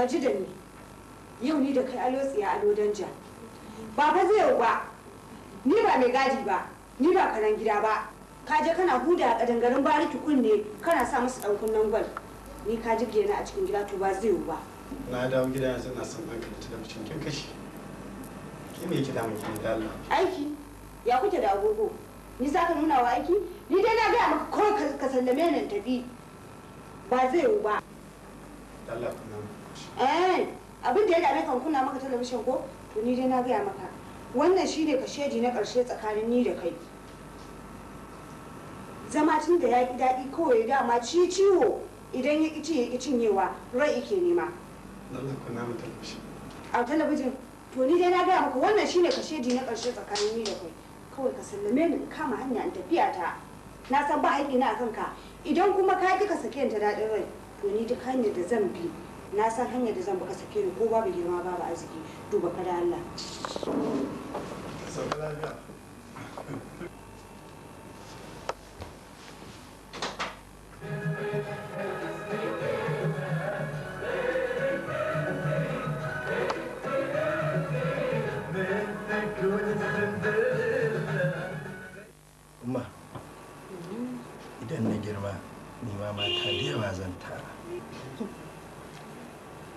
ka ji da ni yau ni da kai alo tsiya alo danja ba fa zai ba ni ba mai gadi ba ni ba karan gida ba ka je kana huda a kadangarin bariki kunne kana sa musu ɗaukun nan gwal ni ka ji na a cikin gida to ba zai ba na dawo gida yanzu na san baka da talabcin kin kashi Ki me yake damun kin da Allah aiki ya kuke da agogo ni za ka nuna wa aiki ni dai na ga maka kawai ka sallame nan tafi ba zai ba Eh, abin da ya dame kan kunna maka talabishin ko to ni dai na gaya maka wannan shine kashedi na karshe tsakanin ni da kai zama tun da ya ki daɗi kawai dama ci ciwo idan ya ki ci ya ƙi cinyewa rai ike nema a talabijin to ni dai na gaya maka wannan shine kashedi na karshe tsakanin ni da kai kawai ka sallame ni kama hanya in tafiya ta na san ba haƙi na akan ka idan kuma ka ƙi ka sake ta daɗin rai to ni duk hanyar da zan bi na san hanyar da zan baka sake ni ko babu girma babu arziki duba ka da Allah Thank you.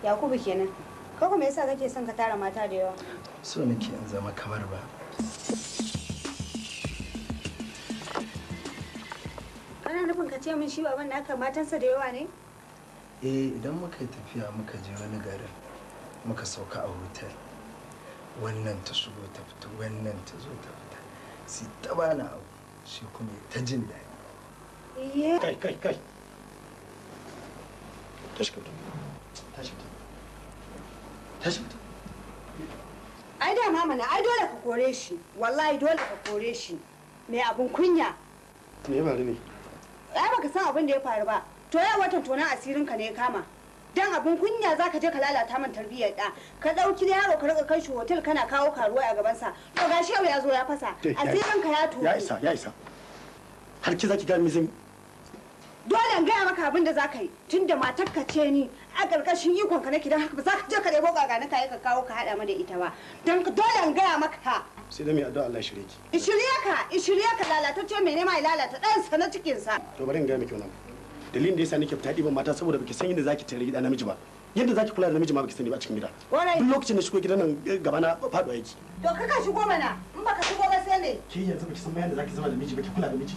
Yakubu kenan. Ko kuma yasa kake son ka tara mata da yawa? So nake in zama kamar ba. Kana nufin ka ce min shi baban naka matansa da yawa ne? Eh idan muka yi tafiya muka je wani garin muka sauka a hotel. Wannan ta shigo ta fito, wannan ta zo ta fita. Sai ta bana abu, shi kuma ta jin daɗi. Kai kai kai. Tashi ka tashi ka tashi mutum ai da mama ai dole ka kore shi wallahi dole ka kore shi mai abun kunya me ya faru ne ai baka san abin da ya faru ba to ya watan tonan asirin ka ne ya kama dan abun kunya za ka je ka lalata man tarbiyyar da ka ɗauki dauki yaro ka rika kai shi hotel kana kawo karuwa a gaban sa to gashi yau ya zo ya fasa asirin eh, ka ya tuwo ya isa ya isa har ki zaki ga mizin dole in gaya maka abin da za ka yi tunda matar ka ce ni a ƙarƙashin ikon ka nake don haka ba za ka je ka ɗebo gagana ka yi ka kawo ka haɗa da ita ba don dole in gaya maka sai da mai addu'a Allah shirye ki in shirye ka in shirye ka lalatacce mai nema ya lalata dan sa na cikin sa to bari in gaya miki wannan dalilin da yasa nake fita diban mata saboda baki san yadda zaki tare gida namiji ba yadda zaki kula da namiji ma baki sani ba cikin gida duk lokacin da shigo gidan nan eh, gaba na faɗuwa yake to kaka shigo mana in baka shigo ba sai ne ke yanzu baki san ma yadda zaki zama da miji baki kula da miji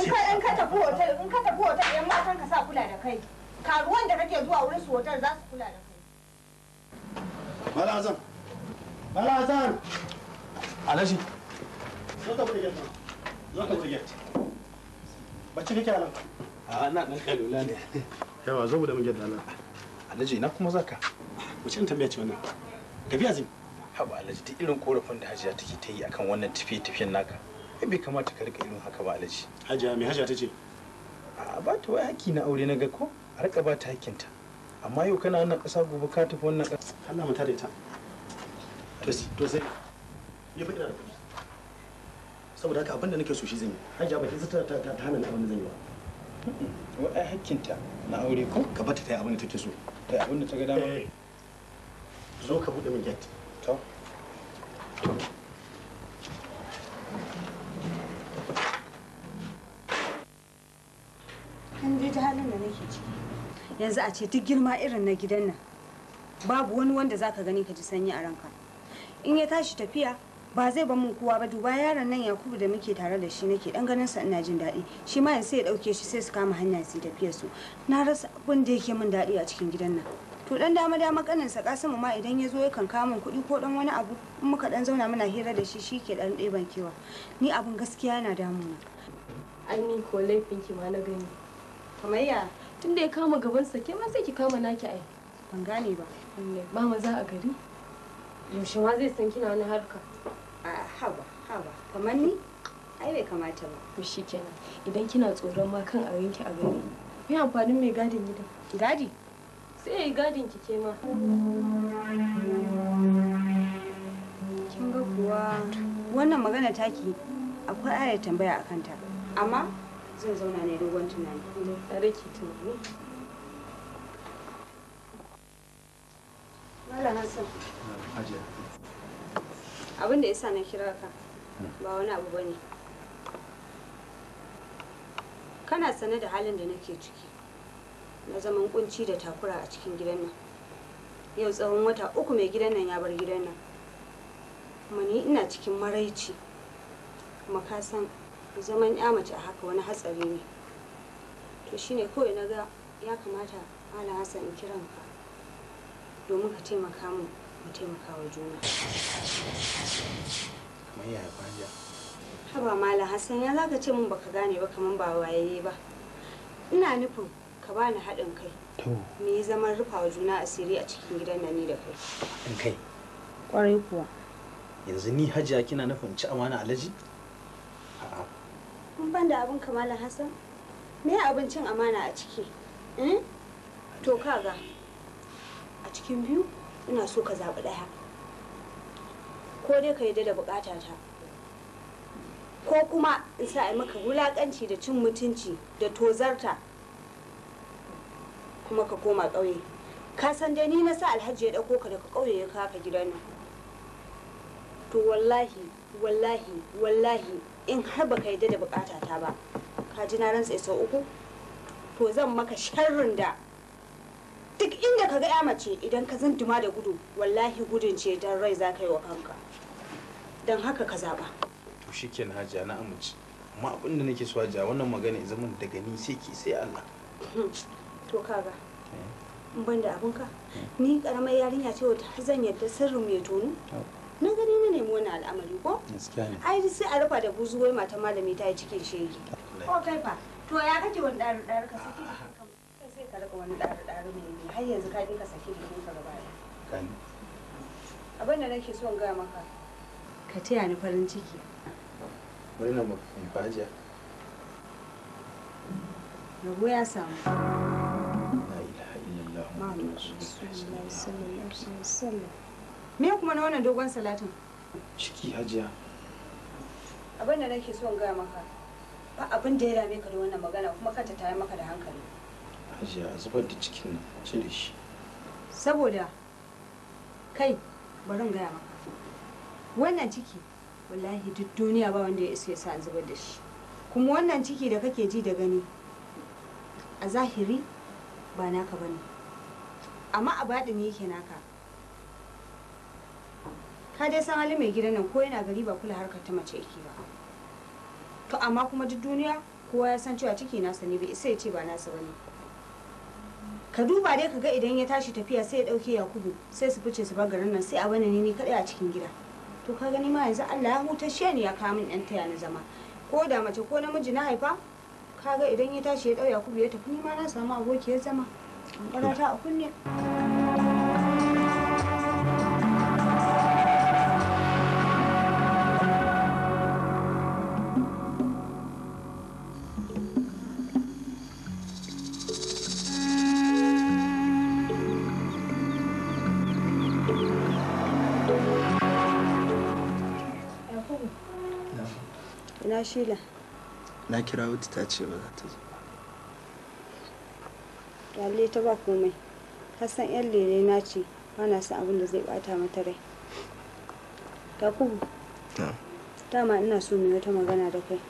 in ka in ka tafi hotel in ka tafi hotel yan matan ka sa kula da kai karuwan da kake zuwa wurin su hotel za su kula da kai balazan balazan alashi zo ka bude gate zo ka bude gate bacci kake nan a ina dan kalula ne yawa zo mu da mun gate nan alaji ina kuma zaka wace in tambaya ce wannan tafiya zin haba alaji duk irin korafin da hajiya take ta yi akan wannan tafiye-tafiyen naka bai kamata ka rika irin haka ba alaji hajiya me hajiya ta ce a ba ta wai haki na aure na ga ko a rika ba ta hakinta amma yau kana wannan ƙasa gobe ka tafi wannan kasa Allah mata da ita to sai ya fita da kuɗi saboda haka abinda nake so shi zan yi hajja ba zata ta ta hana ni abin da zan yi wa. wa ai hakinta na aure ko ka bata ta yi abin da take so ta yi abin da ta ga dama eh. zo ka bude min gate to kan je ta halin da nake ciki yanzu a ce duk girma irin na gidan nan babu wani wanda zaka gani ka ji sanyi a ranka in ya tashi tafiya ba zai ba mun kowa ba duba yaron nan Yakubu da muke tare da shi nake dan ganin sa ina jin daɗi shi ma yanzu ya dauke shi sai su kama hanya su tafiya su na rasa abin da yake min daɗi a cikin gidan nan to dan dama dama kanin sa kasamu ma idan ya zo ya kan kawo min kuɗi ko dan wani abu in muka dan zauna muna hira da shi ke dan ɗeban kewa ni abin gaskiya yana damuna ai ni ko laifin ki ma na gani kamar ya tunda ya kama gabansa ke ma sai ki kama naki ai ban gane ba ba maza a gari yaushe ma zai san kina wani harka a haba haba kamar ni ai bai kamata ba to shikenan idan kina tsoron ma kan a yanki a gari me amfanin mai gadin gidan gadi sai yayi gadin ki ke ma kin ga kuwa wannan magana taki akwai ayar tambaya akan ta amma zan zauna ne dogon tunani. Tare ki tunani. Malam Hassan. Abin da yasa na kira ka ba wani abu bane. Kana sane da halin da nake ciki. Na zaman kunci da takura a cikin gidan nan. Yau tsawon wata uku mai gidan nan ya bar gidan nan. Kuma ni ina cikin maraici. Kuma ka san zaman ya mace a haka wani hatsari ne to shine kawai na ga ya kamata malam hasa in kiran ka domin ka taimaka mu mu taimaka wa juna kamar yaya kwanja haba malam hassan ya zaka ce mun baka gane ba kaman ba wayaye ba ina nufin ka bani haɗin kai mu yi zaman rufa wa juna asiri a cikin gidan nan ni da kai haɗin kai kwarai kuwa yanzu ni hajiya kina nufin ci amana alaji a'a kun ban da abin kamala hassan me abincin amana a ciki hmm? to kaga a cikin biyu ina so ka zaɓi ɗaya ko dai ka yarda da buƙata ta ko kuma in sa yi maka wulaƙanci da cin mutunci da tozarta kuma ka koma ƙauye ka san dai ni na sa alhaji ya ɗauko ka daga ƙauye ya kafa ka gidan nan to wallahi wallahi wallahi in har baka yadda da bukata ta ba ka ji na rantsa sau uku to zan maka sharrin da duk inda ka ga ya mace idan ka duma da gudu wallahi gudun ce dan rai za ka yi wa kanka don haka ka zaba to shikenan hajiya na amince amma abin da nake so hajiya wannan magana ya zama daga ni sai ki sai Allah hmm. to kaga eh. in ban da abinka hmm. ni karamar yarinya ce wata zan yadda sirrin mai tono na gani na wani al'amari ko ai sai a rufa da buzuwar mata malami ta yi cikin shege ko kai to ya kake wani ɗari ɗari ka saki sai ka rika wani ɗari ɗari mai har yanzu ka dinka saki gaba ɗaya abin da nake son gaya maka ka taya ni farin ciki wani ya samu me kuma na wannan dogon salatin ciki hajiya abin da nake son gaya maka ba abin da ya dame ka da wannan magana kuma ka ta tare maka da hankali hajiya a zubar da cikin nan cire shi saboda kai bari gaya maka wannan ciki wallahi duk duniya ba wanda ya isa ya sa zubar da shi kuma wannan ciki da kake ji da gani a zahiri ba naka bane amma a baɗini yake naka ka dai san halin mai gidan nan ko yana gari ba kula harkar ta mace yake ba to amma kuma duk duniya kowa ya san cewa ciki nasa ne bai isa ya ce ba nasa bane ka duba dai ka ga idan ya tashi tafiya sai ya dauke yakubu sai su fice su bar garin nan sai a bane ni ni kadai a cikin gida to ka gani ma yanzu Allah ya hutashe ni ya kawo min yan taya na zama ko da mace ko namiji na haifa ka ga idan ya tashi ya dau yakubu ya tafi ni ma na samu abokiyar zama an ta a kunne na kira wuta ta ce ba za ta zo lalle ta ba komai ka san yan lele na ce ba na san abin da zai bata mata rai Ta. dama ina so mu wata magana da kai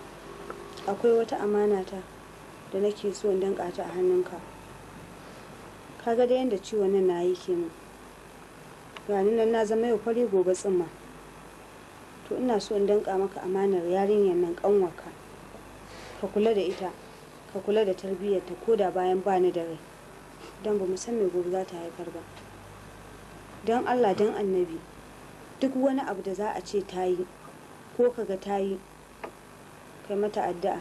akwai wata amana ta da nake so in danka ta a hannunka kaga da yanda ciwon nan na yi kenan ga nan na zama yau kwari gobe tsimma to ina so in danka maka amanar yarinyar nan kanwaka ka kula da ita ka kula da tarbiyyarta ko da bayan bani da rai don ba mu san me gobe za ta haifar ba don allah don annabi duk wani abu da za a ce ta yi ko kaga ta yi kai mata addu'a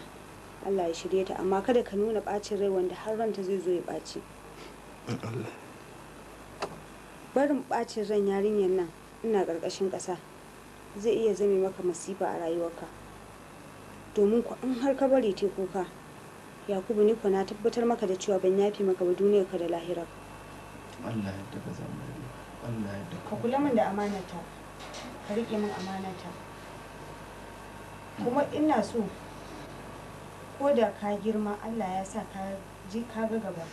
allah ya shirye ta amma kada ka nuna bacin rai wanda har ranta zai zo ya ɓaci barin bacin ran yarinyar nan ina ƙarƙashin ƙasa zai iya zame maka masifa a rayuwarka domin ku an har ka bari te kuka yakubu ni ku na tabbatar maka da cewa ban yafi maka ba duniyar ka da lahirar Allah ya daga zama Allah ya daga ka kula min da amanata ka rike min amanata kuma ina so ko da ka girma Allah ya sa ka ji ka ga gaba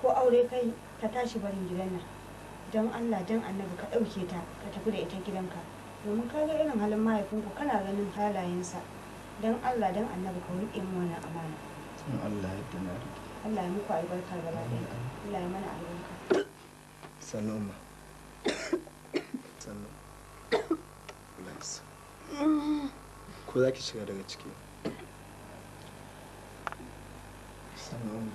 ko aure kai ka tashi barin gidan nan don Allah don annabi ka ɗauke ta ka tafi da ita gidanka domin ka ga irin halin mahaifinku kana ganin halayensa don Allah don annabi ka riƙe mu wannan amana Allah ya dana Allah ya muku albarka gaba ɗaya Allah ya mana albarka sannu umma ko za ki shiga daga ciki sannu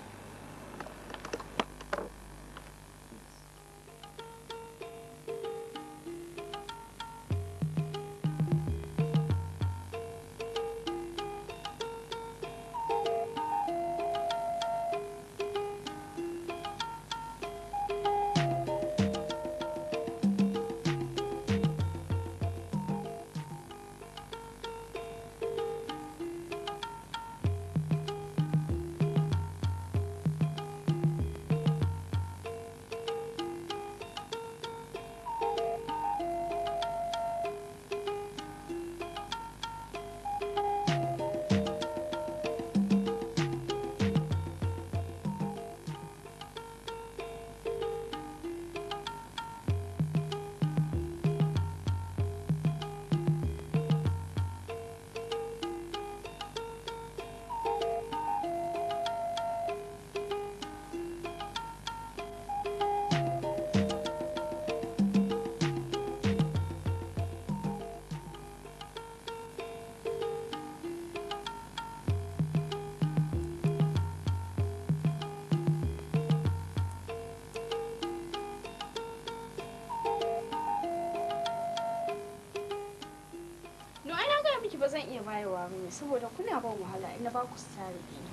saboda kuna ban wahala ina ba ku sare ina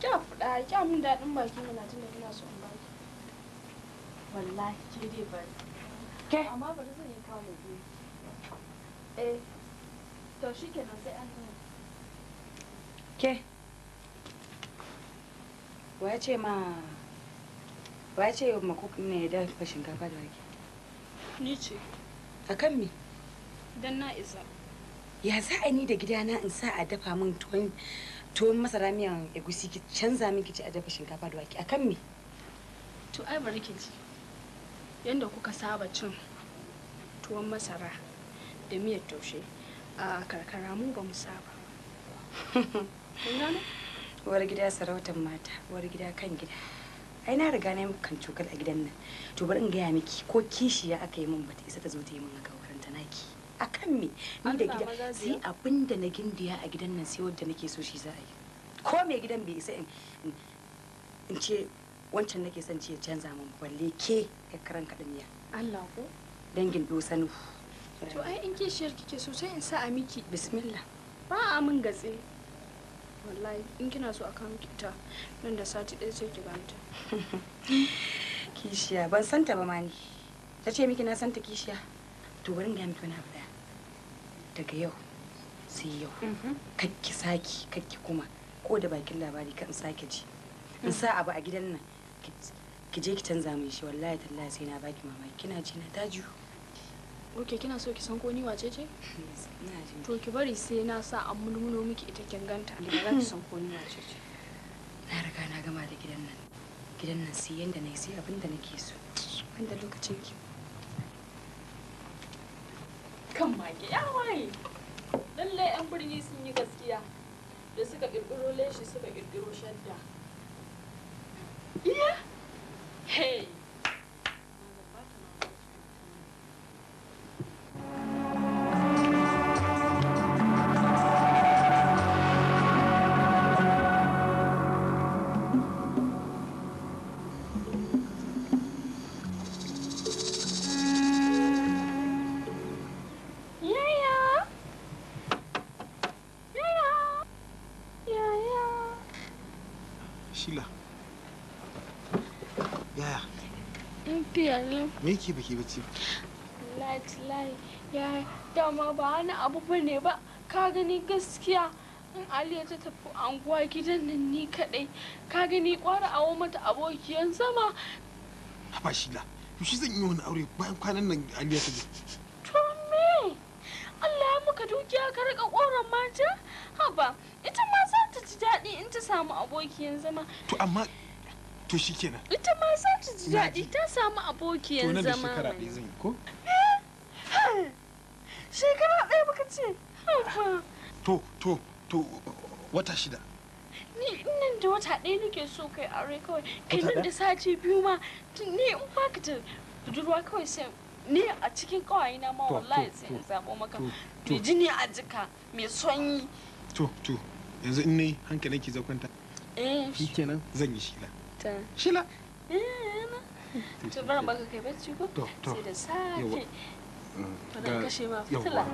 kya fuda kya mun dadin baki mana tun da kina so in baki wallahi ke dai ba ke amma ba zan yi kawo biyu eh to nan sai an ke wa ce ma wa ce ma ne da fashin shinkafa da wake ni ce akan me dan na isa ya za a ni da gidana in sa a dafa min tuwon tuwon masara miyan egusi ki canza min ki ci a dafa shinkafa da wake akan me to ai bari ki ji yanda kuka saba cin tuwon masara da miyar taushe a karkara mu ba mu saba war gida sarautar mata war gida kan gida ai na riga na kan cokal a gidan nan to bari in gaya miki ko kishiya aka yi min bata isa ta zo ta yi min haka akan me ni da gida sai abin da na gindiya a gidan nan sai wanda nake so shi za a yi ko me gidan bai isa in ce wancan nake son ce canza min balle ke ya karan kaɗin Allah ko dangin dosanu to ai in kishiyar kike so sai in sa a miki bismillah ba a min gatse wallahi in kina so a kan ta nan da sati ɗaya sai ki ganta kishiya ban santa ba ma ni ta ce miki na santa kishiya to bari in ga miki wani abu daya daga yau sai yau mhm. kakki saki kakki kuma ko da bakin labari kan sake ji in sa abu a gidan nan ki je ki canza min shi wallahi tallahi sai na baki mamaki kina ji na taju ok kina so ki san ko ni wace ce to ki bari sai na sa an mulmulo miki ita kin ganta da za ki san ko ni wace ce na riga na gama da gidan nan gidan nan sai yanda na sai abinda da nake so wanda lokacin ki kan mage ya waye lalle yan birni sun yi gaskiya da suka kirkiro leshi suka kirkiro shadda iya hey Salam. Me yake baki bacci? Wallahi tilahi ya dama ba wani abu ba ne ba ka gani gaskiya in Aliya ta tafi anguwa gidan nan ni kadai ka gani kwara awo mata abokiyan zama. Haba Shila, yaushe zan yi wani aure bayan kwanan nan Aliya ta je. To me? Allah ya maka dukiya ka rika koran mata? Haba, ita ma za ta ji daɗi in ta samu abokiyan zama. To amma to kenan ita ma za ta ji daɗi ta samu abokiyan zama to nan da shekara ɗaya zan yi ko shekara ɗaya muka ce to to to wata shida ni nan da wata ɗaya nake so kai aure kawai kai nan da sati biyu ma ni in baka ta budurwa kawai sai ni a cikin kawai na ma wallahi sai in zabo maka ji jini a jika mai sonyi to to yanzu in hankali hankalinki zakwanta eh shikenan zan yi shila Shila. To bari baka kai bacci ko? Sai da safe. Ba kashe ma fitila.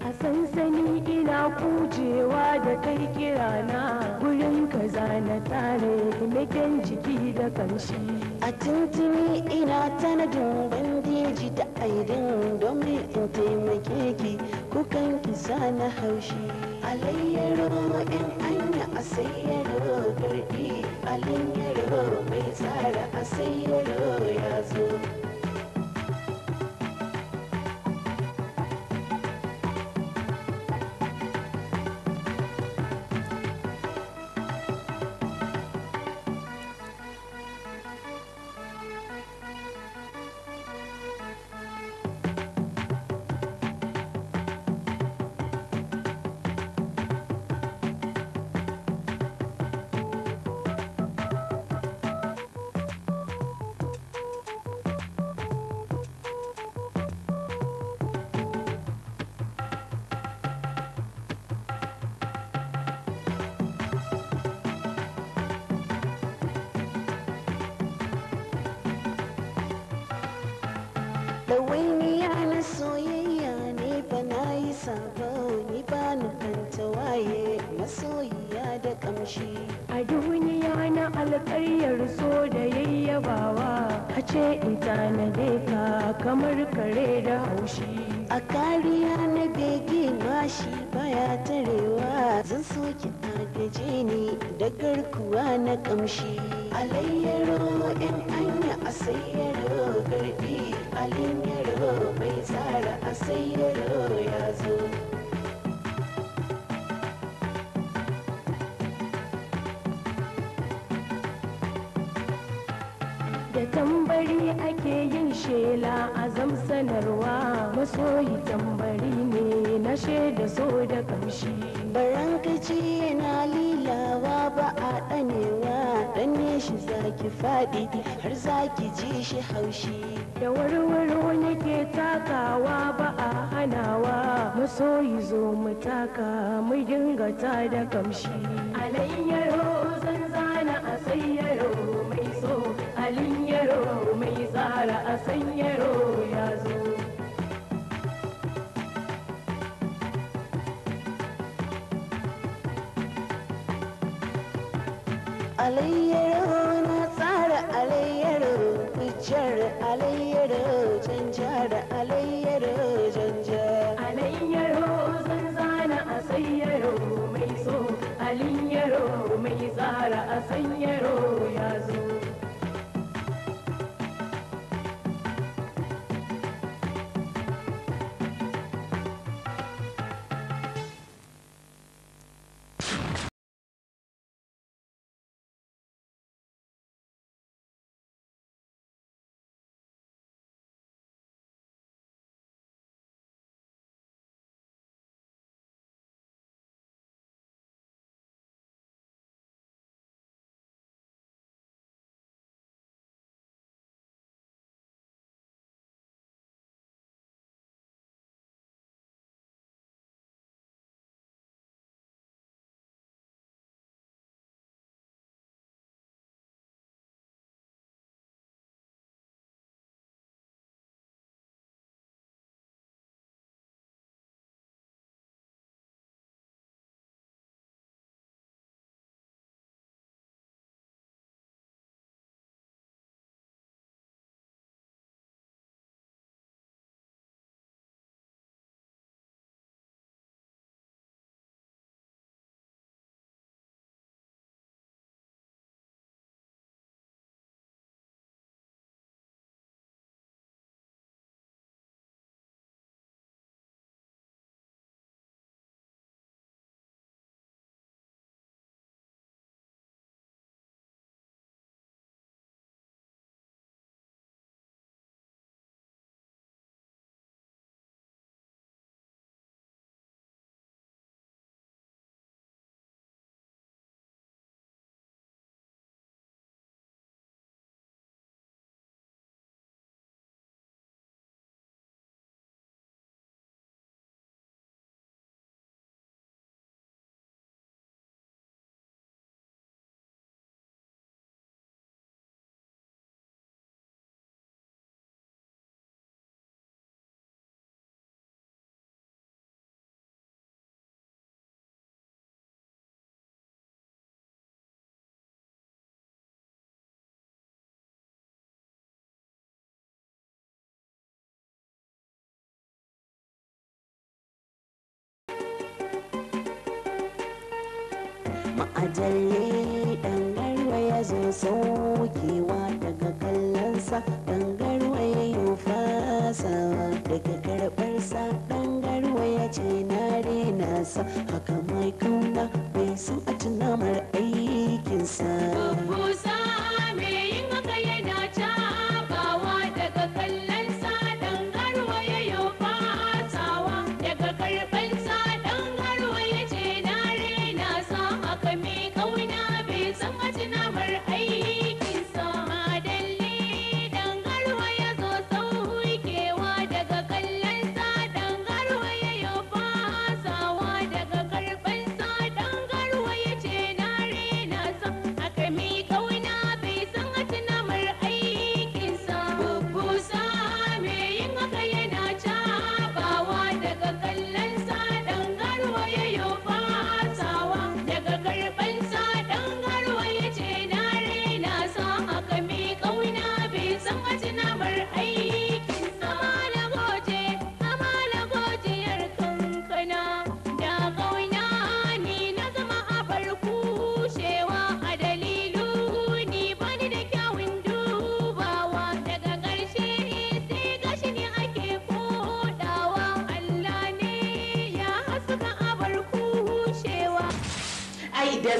a sansani ina kujewa da kai na gurin kaza na tare mikin jiki da kanshi. a tuntuni ina tanadin bandeji da aidin domin in taimake ki kukan kisa na haushi A layyaro in anya a sayyaro a layyaro mai tsara a sayyaro ya zo shi haushi da warwaro nake takawa ba a hanawa yi zo mu taka mu dinga ta da kamshi ma'ajalli dan garwa ya zo saukewa daga kallonsa dan garwa ya yi fasawa daga karɓarsa dan garwa ya ce na rena sa haka mai kauna bai san a tunamar aikinsa.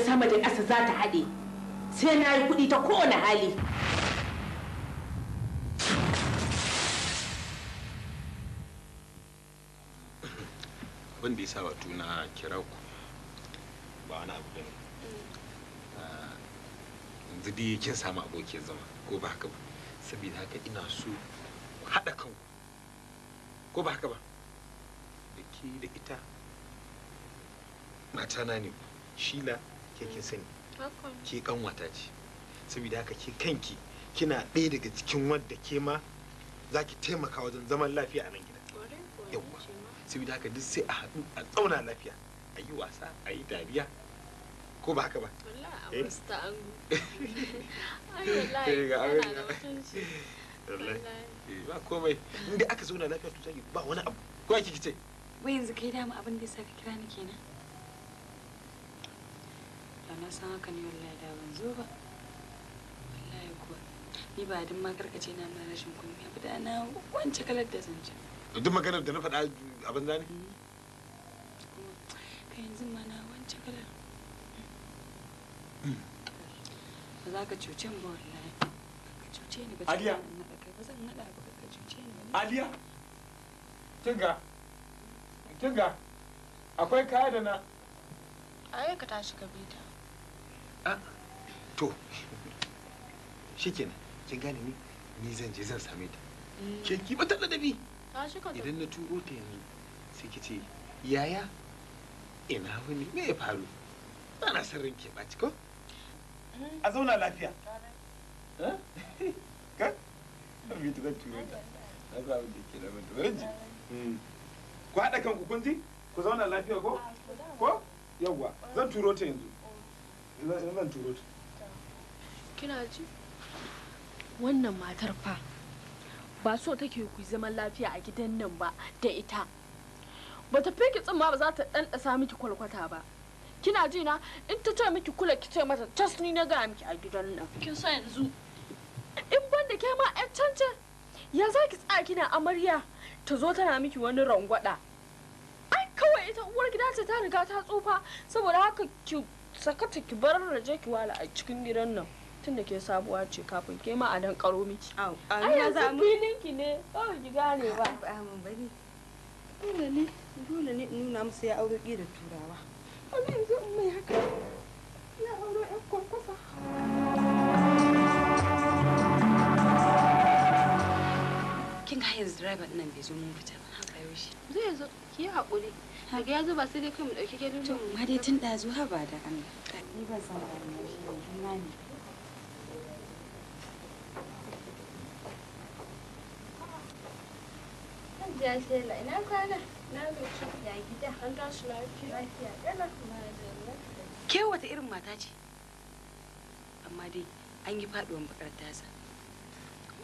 sama da ƙasa za ta haɗe sai na yi kuɗi ta kowane hali wanda ya sa wato na kira ku ba wani abu bane ah, yanzu dai kin samu abokin zama ko ba haka ba saboda haka ina so haɗa kanku ko ba haka ba da ke da ita matana ne shila ke kin sani ki wata ce saboda haka ki kanki kina ɗaya daga cikin wadda ke ma za ki taimaka wajen zaman lafiya a nan gida yawwa saboda haka duk sai a haɗu a tsauna lafiya a yi wasa a yi dariya ko ba haka ba eh? ba komai inda aka zauna lafiya to ba wani abu ko ake kice wai yanzu kai dama abin da ya saka kira ni kenan na san haka ne wallahi da ban zo ba wallahi kuwa ni ba din ma karkace na mana rashin kunya ba da na wance kalar da zance to duk maganar da na faɗa a banza ne ka yanzu ma na wance kalar mm. ba za ka cuce ba wallahi ka cuce ni ba Aliya ba zan haɗa ba ka cuce ni Aliya kinga kinga akwai kaya da na ayyuka tashi ka bita Ah. to shikenan kin gane ni ni zan je zan same ta mm. ke ki ba ta ladabi idan na turo ta yanzu sai ki yaya ina wani me ya faru ana sirrin ke ko mm. a zauna lafiya eh? ka mm. ku haɗa kanku kun ku zauna lafiya ko ko yawwa zan turo ta yanzu zan turo kina ji wannan matar fa ba so take ku zaman lafiya a gidan nan ba da ita ba ta kitsin ma ba za ta ɗanɗasa miki kwalkwata ba kina ji na in ta ce miki kula ki ce mata tas ni na gaya miki a gidan nan kin sa yanzu in ban da ke ma ƴan ya za ki tsaya kina amarya ta zo tana miki wani rangwada ai kawai ita uwar gida ta riga ta tsufa saboda haka ki sakata ki bar raje ki wala a cikin gidan nan tun da ke sabuwa ce kafin ke ma a dan karo miki a ai za mu filin ki ne oh ki gane ba ba mu bari dole ne dole ne nuna musu ya aure ki da turawa amma yanzu mai haka ya aure ɗan kwakwasa kin ga yanzu driver nan bai zo mun fita ba haka yau shi zai zo ki haƙuri daga ya zuba sai dai kai mu ɗauki gelin mu ma dai tun ɗazu ha ba da Allah ni ban san ba ne na ne Ya shela ina kwana na roki ya gida an na lafiya lafiya kana kuma ke wata irin mata ce amma dai an yi faɗuwan bakar tasa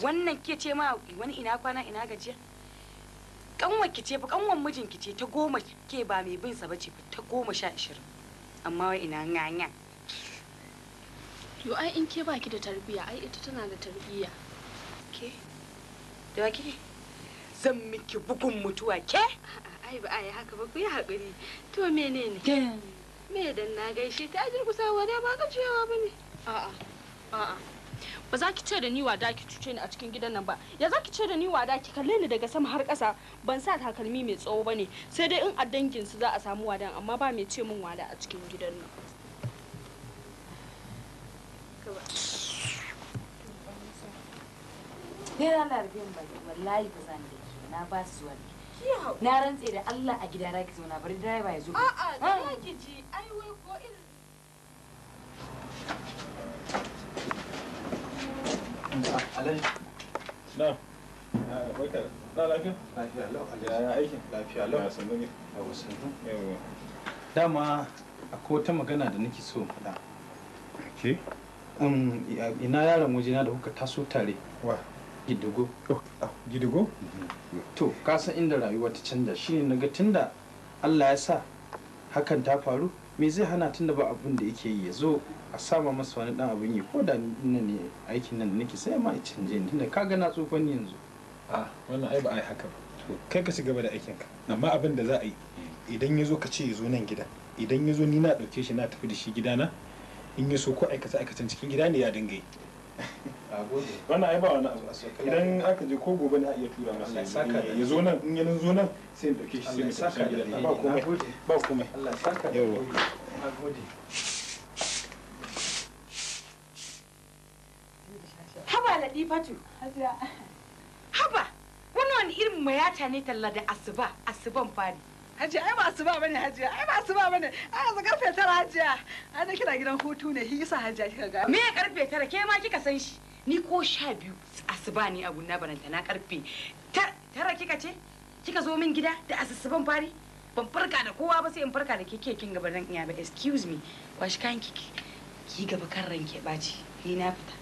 wannan ke ce ma wani ina kwana ina gajiya kanwar ki ce fa kanwar mijin ki ce ta goma ke ba mai bin sa bace ta goma sha ashirin amma wai ina nganya yo ai in ke baki da tarbiyya ai ita tana da tarbiyya ke da baki kike zan miki bugun mutuwa ke ai ba ai haka ba ku yi hakuri to menene me dan na gaishe ta ajin kusa da ba ka cewa bane a'a a'a ba za ki ce da ni wada ki cuce ni a cikin gidan nan ba ya za ki ce da ni wada ki kalle ni daga sama har ƙasa ban sa takalmi mai tsawo ba ne sai dai in a dangin su za a samu wadan amma ba mai ce min wada a cikin gidan nan Ni na bin ba wallahi ba zan da na ba su zuwa na rantse da Allah a gida na zauna bari driver ya zo a'a da ki ji ai wai ko irin Dama akwai wata magana da nake so Ke? Um, ina yaron wajena da kuka taso tare. Wa. Gidigo. Oh, ah, Gidigo? To, kasan inda rayuwa ta canja shine naga tunda Allah ya sa hakan ta faru me zai hana tunda ba abin da yake yi ya zo a sama masa wani dan abin yi ko da nan ne aikin nan da nake sai ma canje ni tunda kaga na tsufan yanzu a wannan ai ba ai haka ba kai ka ci gaba da aikin ka amma abin da za a yi idan ya zo ka ce ya zo nan gida idan ya zo ni na dauke shi na tafi da shi gidana in ya so ko aikata aikatan cikin gida ne ya dinga yi wannan ai ba wani abu a idan aka je ko gobe na iya tura masa ya zo nan in ya zo nan sai in dauke shi sai mu tafi gidan ba komai ba komai Allah saka yawa nagode haba latifatu haba wani wani irin mayata ne talla da asuba asuban fari hajiya ai ba asuba bane hajiya ai ba asuba bane ai yanzu karfe tara hajiya ai na kira gidan hutu ne shi yasa hajiya kika ga me karfe tara ke ma kika san shi ni ko sha biyu asuba ne abu na baranta na karfe tara kika ce kika zo min gida da asusuban fari ban farka da kowa ba sai in farka da keke kin gaba nan iya ba excuse me kwashi kayan kiki ki gaba kan ranke baci ni na fita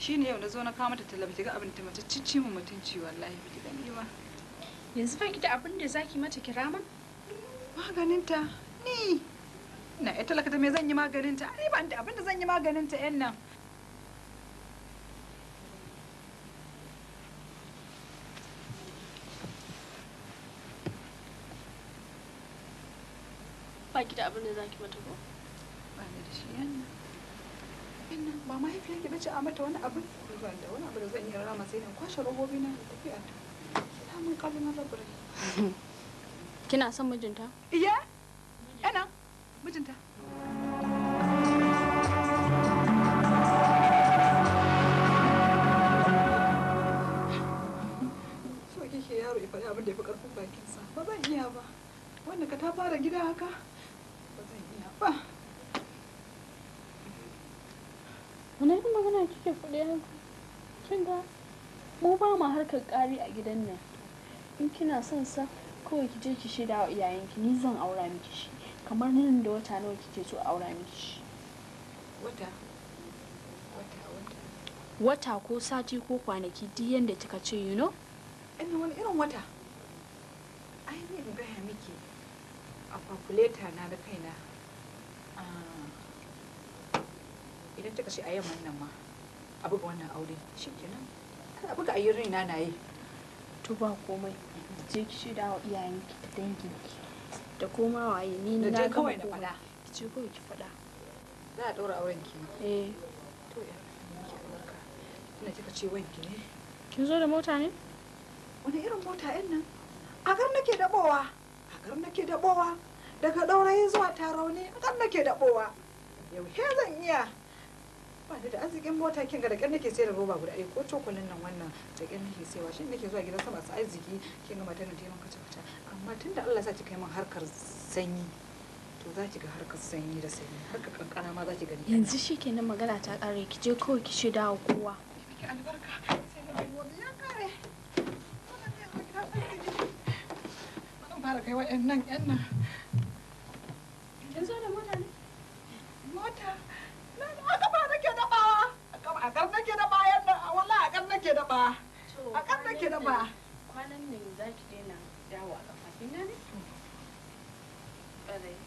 shine yau na zo na kawo mata talabi ga abin ta mace cicci mu mutunci wallahi ba ki gani ba yanzu fa ki da abin da zaki mata kira min maganin ta ni na ita talaka me zan yi maganin ta ai ban da abin da zan yi maganin ta yan nan ba ki da abin da zaki mata ko ba mahaifiyar ki bace a mata wani abu ban da wani abu da zan iya rama sai in kwashe robobi na tafiya ta ta mun kalli na rabu kina son mijinta iya ana mijinta iyayen kin ga mu ba mu harkar ƙari a gidan nan in kina son sa kawai ki je ki shaida wa iyayenki ni zan aura miki shi kamar nan da wata nawa kike so aura miki shi wata wata ko sati ko kwanaki duk yadda kika ce you know ina wani irin wata ai ne in gaya miki a calculator na da kaina ah, idan kika ce a yamman nan ma a buga wannan aure shi kenan a buga ayi raina na yi to ba komai je ki shida wa iyayenki da danginki da koma waye ni na je kawai na faɗa ki ce kawai ki faɗa za a dora auren ki eh to ya ina kika ce wanki ne kin zo da mota ne wani irin mota ɗin nan a gar nake dabowa a gar nake dabowa daga ɗaurayi zuwa tarauni a gar nake dabowa yau he zan iya ba da arzikin mota kin ga da ƙyar nake sai da roba guda ko cokalin nan wannan da ƙyar nake nake zuwa gidan sa masu arziki kin ga matan da maka cakata amma tunda Allah sa kika min harkar sanyi to za ki ga harkar sanyi da sanyi harkar kankana ma za ki gani yanzu shikenan magana ta ƙare ki je kawai ki shaida wa kowa fara kai yan nan da mota ne mota nake da ba a kan nake ke da ba kwanan nan za ki daina dawo a kafa kin gane ƙwarai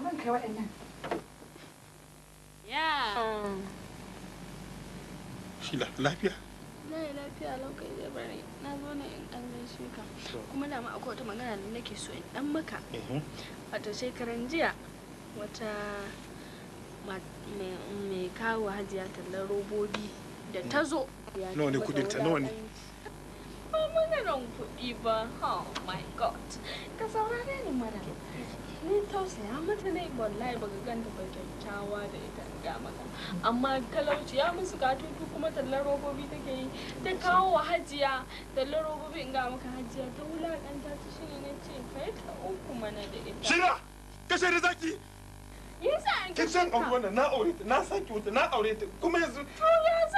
ran kai waɗannan ya shi lafiya na yi lafiya lokacin da bari na zo ne in ɗan shi ka kuma da ma akwai wata magana da nake so in dan maka mm-hmm. wato shekaran jiya wata mai kawo hajiya tallar robobi da ta zo nawa ne kudin ta nawa ne ba ran kudi ba oh my god ka saurare ni mana ni tausaya mata ne wallahi ba ga ganta ba kyakkyawa da ita ga maka amma kalauci ya musu katutu kuma tallar robobi take yi ta kawo wa hajiya tallar robobi in ga maka hajiya ta wulakanta ta shi ne ce kai ta uku mana da ita shira kashe da zaki kin san an wannan na aure ta na saki wuta na aure ta kuma yanzu to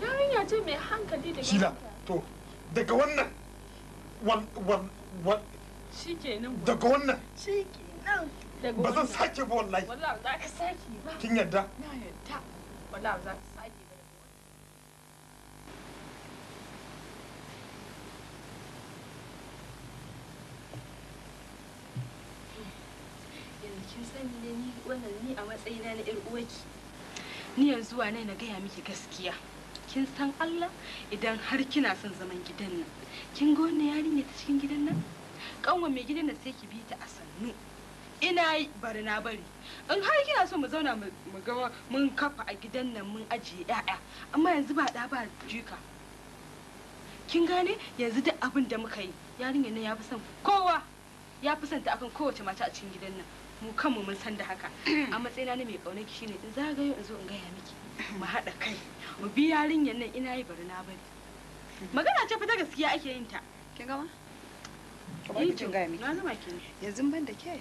yarinya ce mai hankali da shila to daga wannan wan wan wan shikenan daga wannan shikenan ba zan sake ba wallahi wallahi za ka sake ba kin yadda na yadda wallahi za ka sake ba yanzu kin sani ne ni wannan ni a matsayina na 'yar uwaki ni yanzu wa na gaya miki gaskiya kin san Allah idan har kina son zaman gidan nan kin ga wannan yarinya ta cikin gidan nan kanwa mai gidan nan sai ki bi ta a sannu ina bari na bari in har kina so mu zauna mu ga mun kafa a gidan nan mun ajiye ƴaƴa amma yanzu ba da ba jika kin gane yanzu duk abin da muka yi yarinya nan ya fi son kowa ya fi son ta akan kowace mace a cikin gidan nan mu kanmu mun san da haka a matsayina ne mai kaunar ki shine in yau in zo in gaya miki mu haɗa kai mu bi yarinyar nan ina yi bari na bari magana ce fa ta gaskiya ake yin ta kin gama eh kamar kin ga miki na zama kin yanzu ban da ke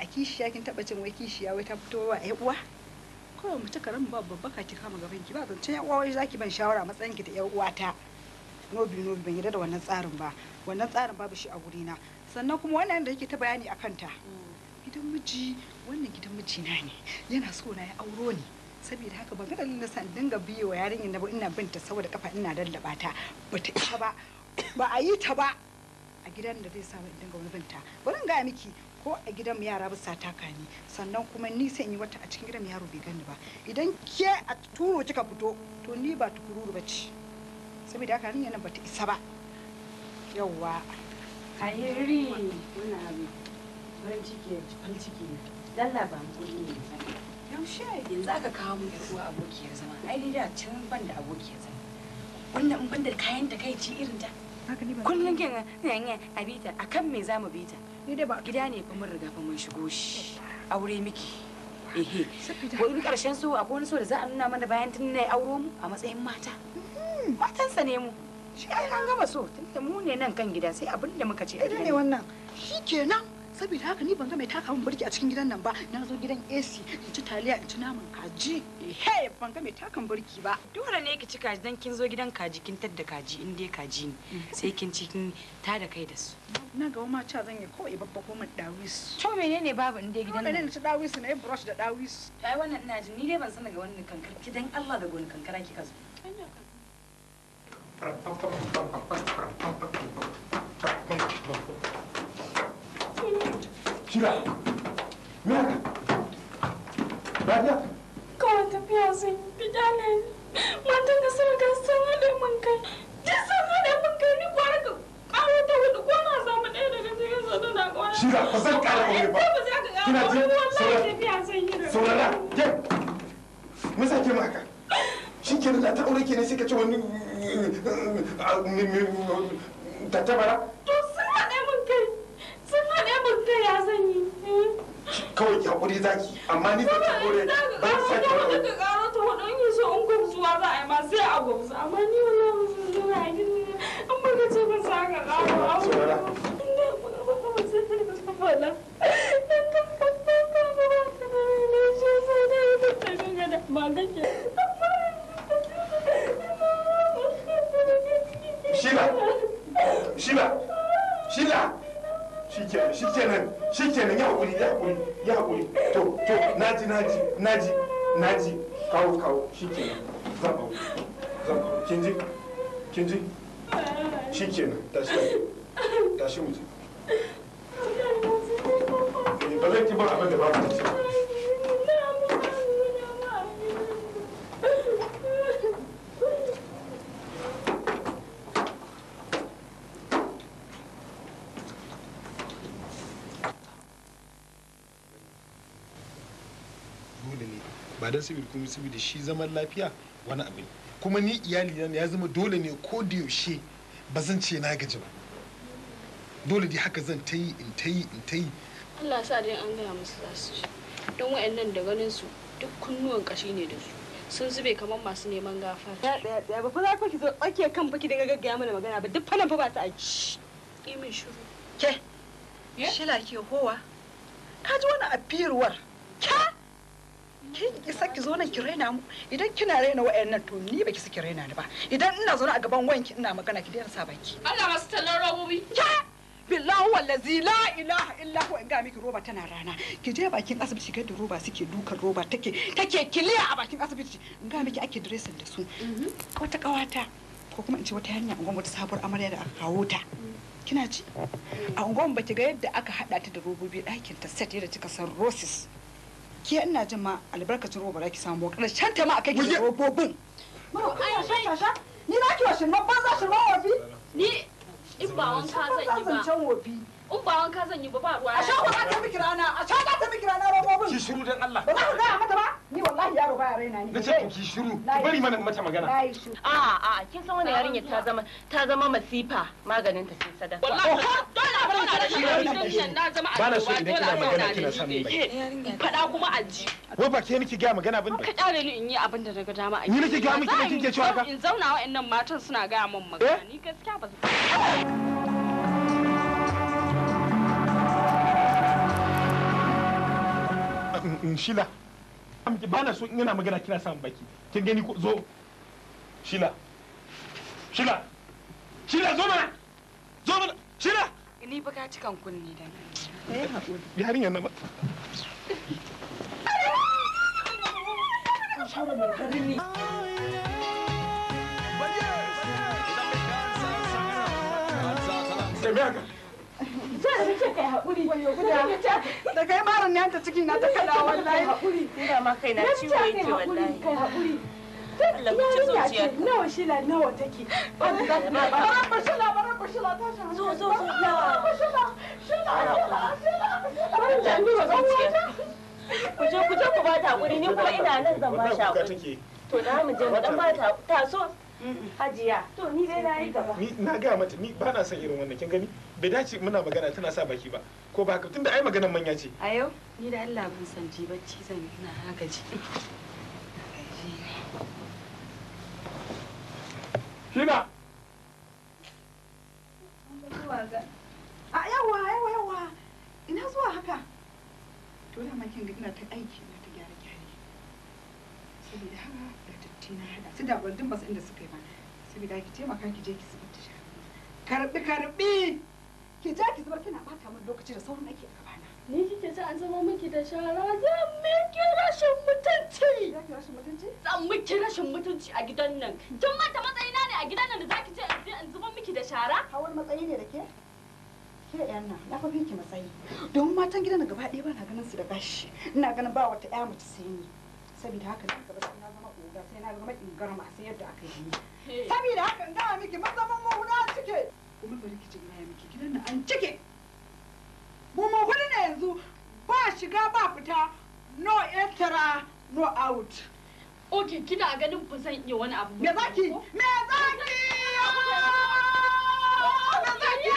a kishiya kin taba cin wai kishiya wai ta fito wa ai uwa kawai mu tuka ran ba babbaka ki kama gaban ki ba zancen ya uwa wai zaki ban shawara matsayin ki da yan uwa ta nobi nobi ban yarda da wannan tsarin ba wannan tsarin babu shi a guri na sannan kuma wannan da yake ta bayani akan ta mm. gidan miji wannan gidan miji na ne yana so na ya auro ne saboda haka ba ga na san dinga biyo wa yarinyar na ina binta saboda kafa ina lallaba ta bata isa ba ba a yi ta ba a gidan da zai sa dinga wani binta wani ga gaya miki ko a gidan yara ba taka ni sannan kuma ni sai in yi wata a cikin gidan yaro bai gani ba idan ke a turo kika fito to ni ba tukururu ba ce saboda haka yarinyar nan ta isa ba yawwa ayiri wannan abin farin ciki farin ciki lalla ba mu kuɗi ne yaushe yanzu aka kawo mu da zuwa abokiyar zama ai ni da can ban da abokiyar zama wannan ban da kayan da kai ci irin ta kullum kin yanya abita akan me za mu bita ni da ba gida ne fa mun riga fa mun shigo shi aure miki ehe ko in karshen so akwai wani so da za a nuna mana bayan tun na auro mu a matsayin mata mm-hmm. matansa ne mu shi an gama so tun tunda mu ne nan kan gida sai abin da muka ce a gida ne wannan shikenan saboda haka ni ban ga mai taka min burki a cikin gidan nan ba na zo gidan AC in ci taliya in ci naman kaji he ban ga mai taka burki ba dole ne ki ci kaji dan kin zo gidan kaji kin tadda kaji in dai kaji ne mm. sai kin ci kin ta da kai da su na ga ma cha zan yi kawai babba ko mun dawis to menene babu in dai gidan nan ne ci dawis na brush da dawis ai wannan ina ji ni dai ban san daga wannan kankar ki dan Allah da gon kankara kika zo Kira. Me haka? Lafiya? Kawai tafiya sun fi ƙyale ni. Matan da sun ga sun haɗe mun kai. kai ni ko haka ƙawo ta hudu ko na samu ɗaya daga cikin su tana ƙwara. Shira ba zan ƙara ƙwarai ba. Ba za ka ƙara ƙwarai ba wallahi tafiya sun yi da. Saurara, ke. Mun sake mu da ta aure kenan sai ka ce wani tattabara? To sun haɗe mun ya sanyi. Eh. kawai ki haƙuri ki. amma ni zan haƙuri ba su sake wani ka ƙaro ta wani in yi so in gwamzuwa za a yi ma sai a gwamzu amma ni wala musu zuwa a gini in ba ka ce ba sa ka ƙaro a wala Sheila! Sheila! Sheila! shikenan shikenan shikenan ya hakuri ya hakuri ya hakuri to to naji naji naji naji kawo kawo shikenan zan kawo zan kawo kin ji kin ji shikenan tashi tashi mu ba zan ki ba abin da ba ku ba don saboda kuma saboda shi zaman lafiya wani abu ne kuma ni iyali na ya zama dole ne ko da yaushe ba zan ce na gaji ba dole dai haka zan ta yi in ta yi in ta yi Allah sa dai an gaya musu za su don wa'annan da ganin su duk kunnuwan kashi ne da su sun zube kamar masu neman gafara ya ya ba fa za ku ki zo tsakiyar kan fa ki dinga gaggaya mana magana ba duk fanan fa ba ta aiki yi min shiru ke shila ke kowa ka ji wani afirwar ke kin isa ki zo nan ki raina mu idan kina raina wayannan to ni baki saki raina ni ba idan ina zo a gaban wanki ina magana ki daina sa baki Allah masu tallan robobi ya billahi wallazi la ilaha illa In ga miki roba tana rana ki je bakin asibiti ga roba suke dukan roba take take kiliya a bakin asibiti ga miki ake dressing da su mhm. wata kawata ko kuma in ce wata yarinya ungon wata sabuwar amarya da aka kawo ta mhm. kina ci? a ungon baki ga yadda aka hada ta da robobi ɗakin ta set yadda kika san roses ke ina jin ma albarkacin roba za ki samu ƙarshen ta ma a kai ki robobin mara ai shi shashasha ni za ki wa shirma ba za shirma wofi ni in ba wanka zan yi ba in ba wanka zan yi ba ba ruwa a sha ko ta miki rana a sha ta miki rana robobin ki shiru dan Allah ba za ku gaya mata ba ni wallahi yaro ba raina ni nace ki shiru ki bari mana mata magana a a kin san wannan yarinya ta zama ta zama masifa maganin ta sai sada. wallahi dole a bar ta shi yarinyar na zama a ba so idan kina magana kina san bai fada kuma aji wa ba ke niki ga magana bin ka kyale ni in yi abin da daga dama a ni nake ga miki kike cewa ka in zauna wa'annan matan suna gaya min magana eh? ni gaskiya ba in shila ba na so in yana magana kina samun baki kin gani ko zo shila shila shila zo mana zo mana shila ni ba ka cikan kunni dan eh hakuri yarinyar na ba Baje! Baje! da kai marin ne ta ciki na ta kada wallahi haƙuri ina ma kai na ciwo yake wallahi kai haƙuri Allah ku ci zuciya nawa shila nawa take wanda za ta ba ba shila ba shila ta shan zo zo zo ba shila shila shila shila ni ba ku je ku je ku ba ta ni kuma ina nan zan ba shi to da mu je mu dan ba ta so hajiya to ni dai na yi gaba ni na ga mata ni ba na son irin wannan kin gani bai dace muna magana tana sa baki ba ko ba haka tunda ai maganar manya ce a yau ni da Allah ban san ji bacci zan ina haka ji Shina a yawa yawa yawa ina zuwa haka to da makin ga ina ta aiki na ta gyara gyare saboda haka da tattina hada su da bandun basu inda suka yi saboda ki taimaka ki je ki zubar da karbi karbi ki je ki zubar kina bata min lokaci da sauran ake a gabana ni kike ce an zama miki da shara zan miki rashin mutunci zaki rashin mutunci zan miki rashin mutunci a gidan nan tun mata matsayina ne a gidan nan da zaki ce an je an zama miki da shara hawar matsayi ne da ke ke yan nan na fa ki matsayi domin matan gidan gaba ɗaya ba na ganin su da gashi ina ganin ba wata ƴa mace sai ni saboda haka na gaba sai na zama oga sai na zama ingarma sai yadda aka yi Saboda haka in gama miki mazaman mahuda cike. Kuma bari ki ce gaya miki gidan na an cike. Mu mahuda ne yanzu ba shiga ba fita no enter no out. Ok, kina ganin ku san iya wani abu. Me zaki? Me zaki? Me zaki?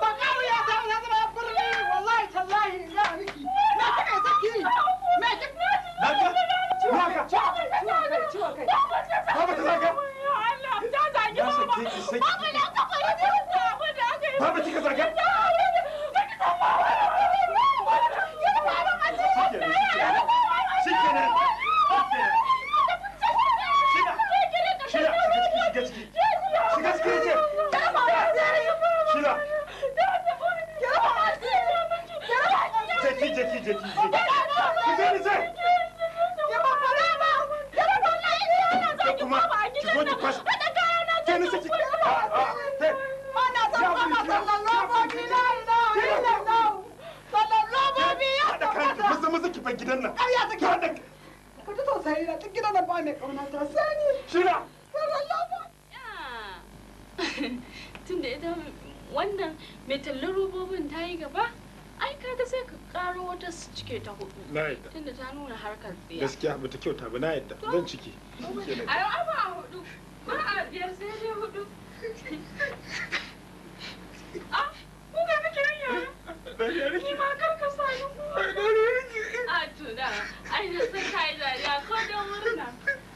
Ba kauya ta na zama birni wallahi tallahi in miki. Me kika zaki? Me kika? zaki? Naka? Ciwon kai, ciwon kai, ciwon kai. Baba папа ya Tun da ita wannan mai tallar robobin ta yi gaba, ai ka sai ka karo wata su cike ta hudu. Na yadda. Tunda ta nuna harkar tsiya. Gaskiya ba ta kyauta ba na yadda zan ciki. A yau ba a hudu, ba a biyar sai dai hudu. Ah, ku ga muke yin yara? Ni ma kar ka sa ni kuwa. A ah, to da, ai da sun kai dariya ko da murna.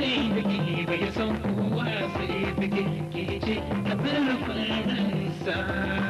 take bai san kowa sai take ke ce abin faransa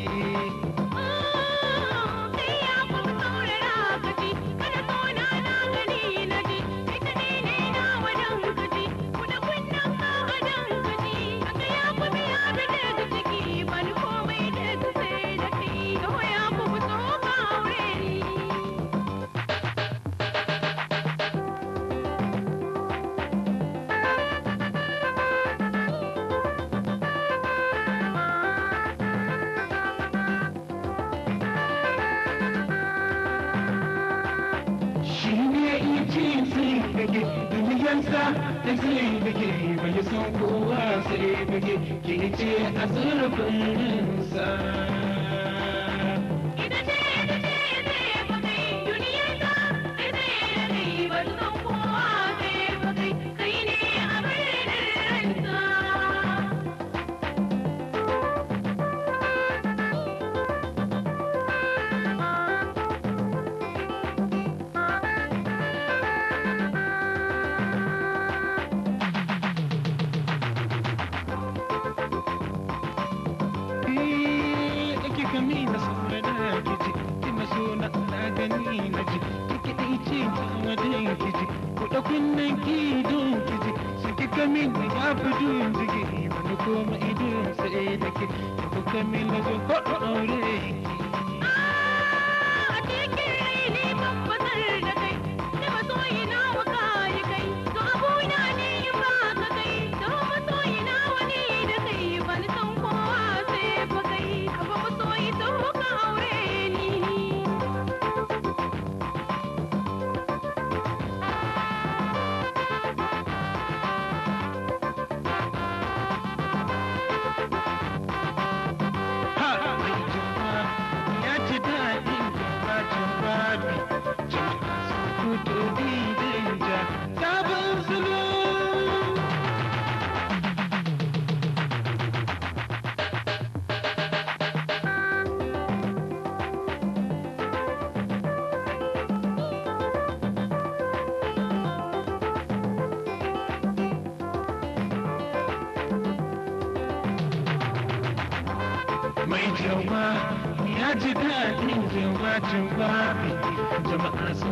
ji daɗi jama'a jama'a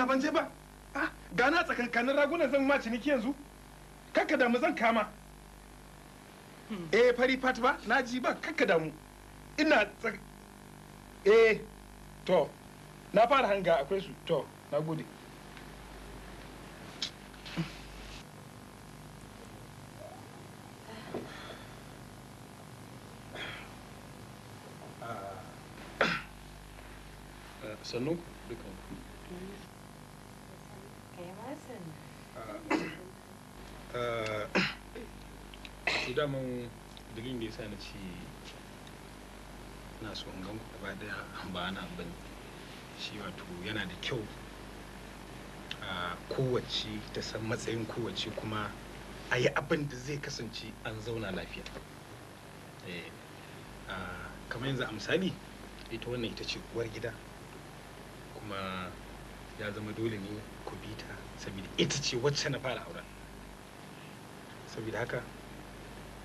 ya ban je ba ah, gana tsakankanin ragunan zan ma ciniki yanzu kakka damu zan kama hmm. eh fari fat ba na ji ba kakka damu ina tsak eh to na fara hanga akwai su to na gode ah, eh, Sanuk? ce na so in ganku gaba daya ba na bane shi wato yana da kyau a kowace ta san matsayin kowace kuma a yi abin da zai kasance an zauna lafiya eh, kamar yanzu a misali ita wannan ita ce uwar gida kuma ya zama dole ne ku bi ta saboda ita ce wacce na fara auren saboda haka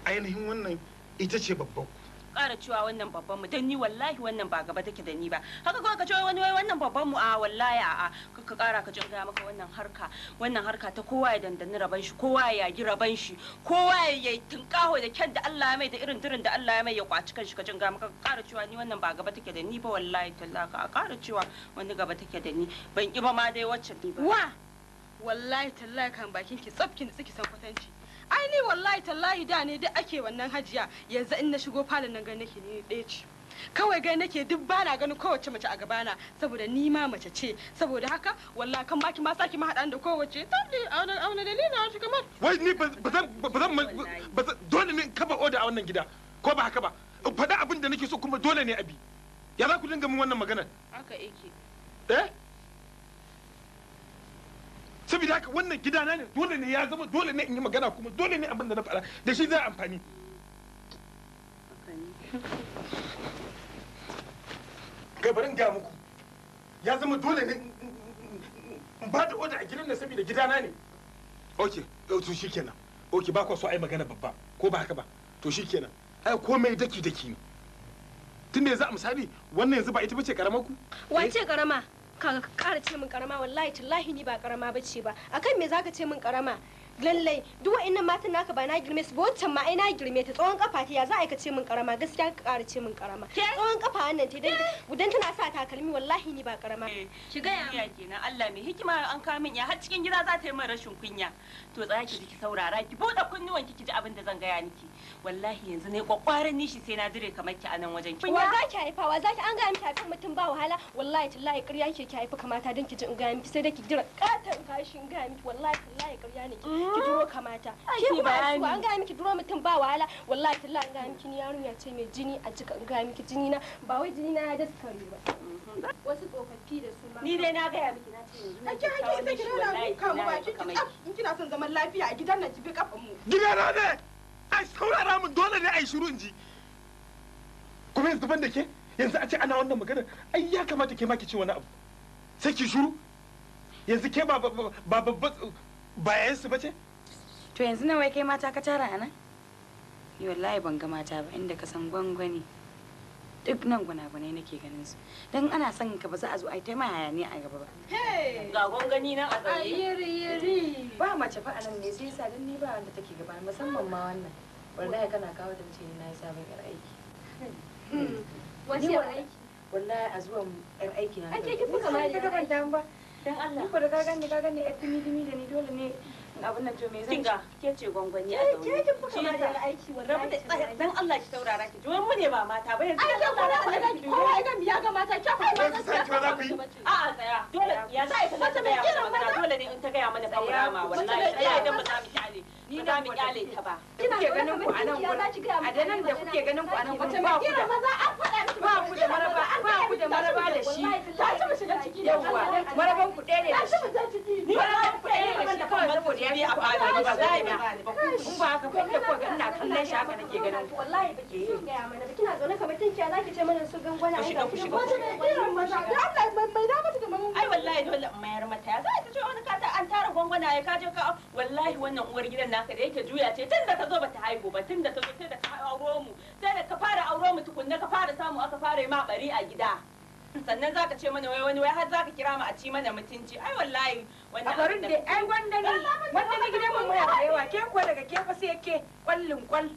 ainihin wannan ita ce babban ku ƙara cewa wannan babban mu dan ni wallahi wannan ba gaba take da ni ba haka kuma ka ce wani wai wannan babban mu a wallahi a a ka ƙara ka jin maka wannan harka wannan harka ta kowa ya dandani raban shi kowa ya yagi raban shi kowa ya yi tunkaho da kyan da Allah ya mai da irin dirin da Allah ya mai ya kwaci kanshi ka jin maka ka ƙara cewa ni wannan ba gaba take da ni ba wallahi tallaka a ƙara cewa wani gaba take da ni ban ƙi ba ma dai wacce ni ba wa wallahi tallaka bakin ki tsafkin tsiki san kwatanci ai ni wallahi tallahi da ne duk ake wannan hajiya yanzu in na shigo falon nan gani nake ni ɗaya ce kawai gani nake duk bana ganin kowace mace a gabana saboda ni ma mace ce saboda haka wallahi kan baki ma saki ma hadan da kowace tabbi a wani dalilin a kamar wai ni ba zan ba zan dole ne kaba oda a wannan gida ko ba haka ba faɗa abin da nake so kuma dole ne abi ya za ku dinga min wannan maganar haka yake eh saboda haka wannan gidana ne dole ne ya zama dole ne in yi magana kuma dole ne abin da na faɗa da shi zai amfani gabarin ga muku ya zama dole ne in ba da oda a gidan nan saboda gidana ne ok to shi kenan ok ba kwa so ai magana babba ko ba haka ba to shi kenan ai komai daki daki ne tunda yanzu a misali wannan yanzu ba ita bace karamar ku wace karama ka ƙara ce min ƙarama wallahi tallahi ni ba ƙarama bace ba akan me zaka ce min ƙarama. lallai duk wa'annan matan naka ba na girme su ba wancan ma ai na girme ta tsawon kafa ta ya za a aikace min karama gaskiya ka ƙara ce min karama tsawon kafa wannan ta dai gudan tana sa takalmi wallahi ni ba karama eh, ki ga ya kenan Allah mai hikima an kawo min ya har cikin gida za ta yi min rashin kunya to tsaya ki ji ki saurara ki bude kunnuwan ki ki ji abin da zan gaya miki wallahi yanzu ne kwakwaran nishi sai na dire kamar ki a nan wajen ki wa za ki haifa wa za ki an ga miki haifan mutum ba wahala wallahi tallahi ƙarya ki ki haifa kamata don ki ji in ga miki sai da ki jira katon kashin ga miki wallahi tallahi ƙarya ne ki ki duro kamata ki kuma an ga miki duro mutum ba wahala wallahi tallahi an ga miki ni yarinya ce mai jini a jika an ga miki jini na ba wai jini na ya daskare ba mhm. wasu tsofaffi da su ma ni dai na ga miki na ce yanzu ne ki kawo ki shi wallahi kamu ba ki in kina son zaman lafiya a gidan nan ki bi kafan mu gidana ne a saurara mu dole ne a yi shiru in ji kuma yanzu ban da ke yanzu a ce ana wannan magana ai ya kamata ke ma ki ce wani abu sai ki shiru yanzu ke ba babba ba yayansu ba ce to yanzu nawa kai mata ka tara anan ni wallahi ban ga mata ba inda ka san gwangwani duk nan gwanagwanai nake ganin su dan ana son ka ba za a zo ai ta ma hayani a gaba ba ga gwangwani na a zaune yiri yiri ba mace fa anan ne sai sa dan ni ba wanda take gaba musamman ma wannan wallahi kana kawo ta ce na yi sabon yar aiki hmm. wace yar aiki wallahi a zuwan yar aiki na ake kifi kamar da ban ba dan Allah ko da ka gani ka gani a tumi dimi da ni dole ne abin nan to me zan ke ce gwangwani a zaune ke kin fuka da aiki wallahi dan Allah ki saurara ki juwan mu ne ba mata ba yanzu dan Allah Allah da ki kowa idan ya ga mata ki kuma ba za ki a a tsaya dole ya za ta ta ga mana dole ne in ta ga mana faura ma wallahi tsaya idan ba za mu kyale ni da mu kyale ta ba kina ganin ku anan a da nan da kuke ganin ku anan wata ba ku da maza an faɗa miki ba ku da maraba ba ku da maraba da shi ta ci mu shiga ciki yawa maraban ku ɗaya ne da shi ni maraban ku ɗaya ne da shi kawai ni a ba ba za ba kun ba haka kun ko ga ina kallon shi haka nake ganin wallahi ba yi ga mana kina zaune kamar tinkiya zaki ce mana su gangwana ai ga shiga ku shiga Allah bai da mata kamar ai wallahi dole in mayar mata ya zai ta ce wani kata an tara gwangwana ya kaje ka wallahi wannan uwar gidan naka da yake juya ce tunda ta zo bata haihu ba tunda ta zo sai da ka auro mu sai da ka fara auro mu tukunna ka fara samu aka fara yi ma bari a gida sannan zaka ce mana wai wani wai har zaka kira mu a ci mana mutunci ai wallahi a barin da ai wanda ne wanda ne gidan mu muna da yawa ke ko daga ke fa sai ke kwallin kwal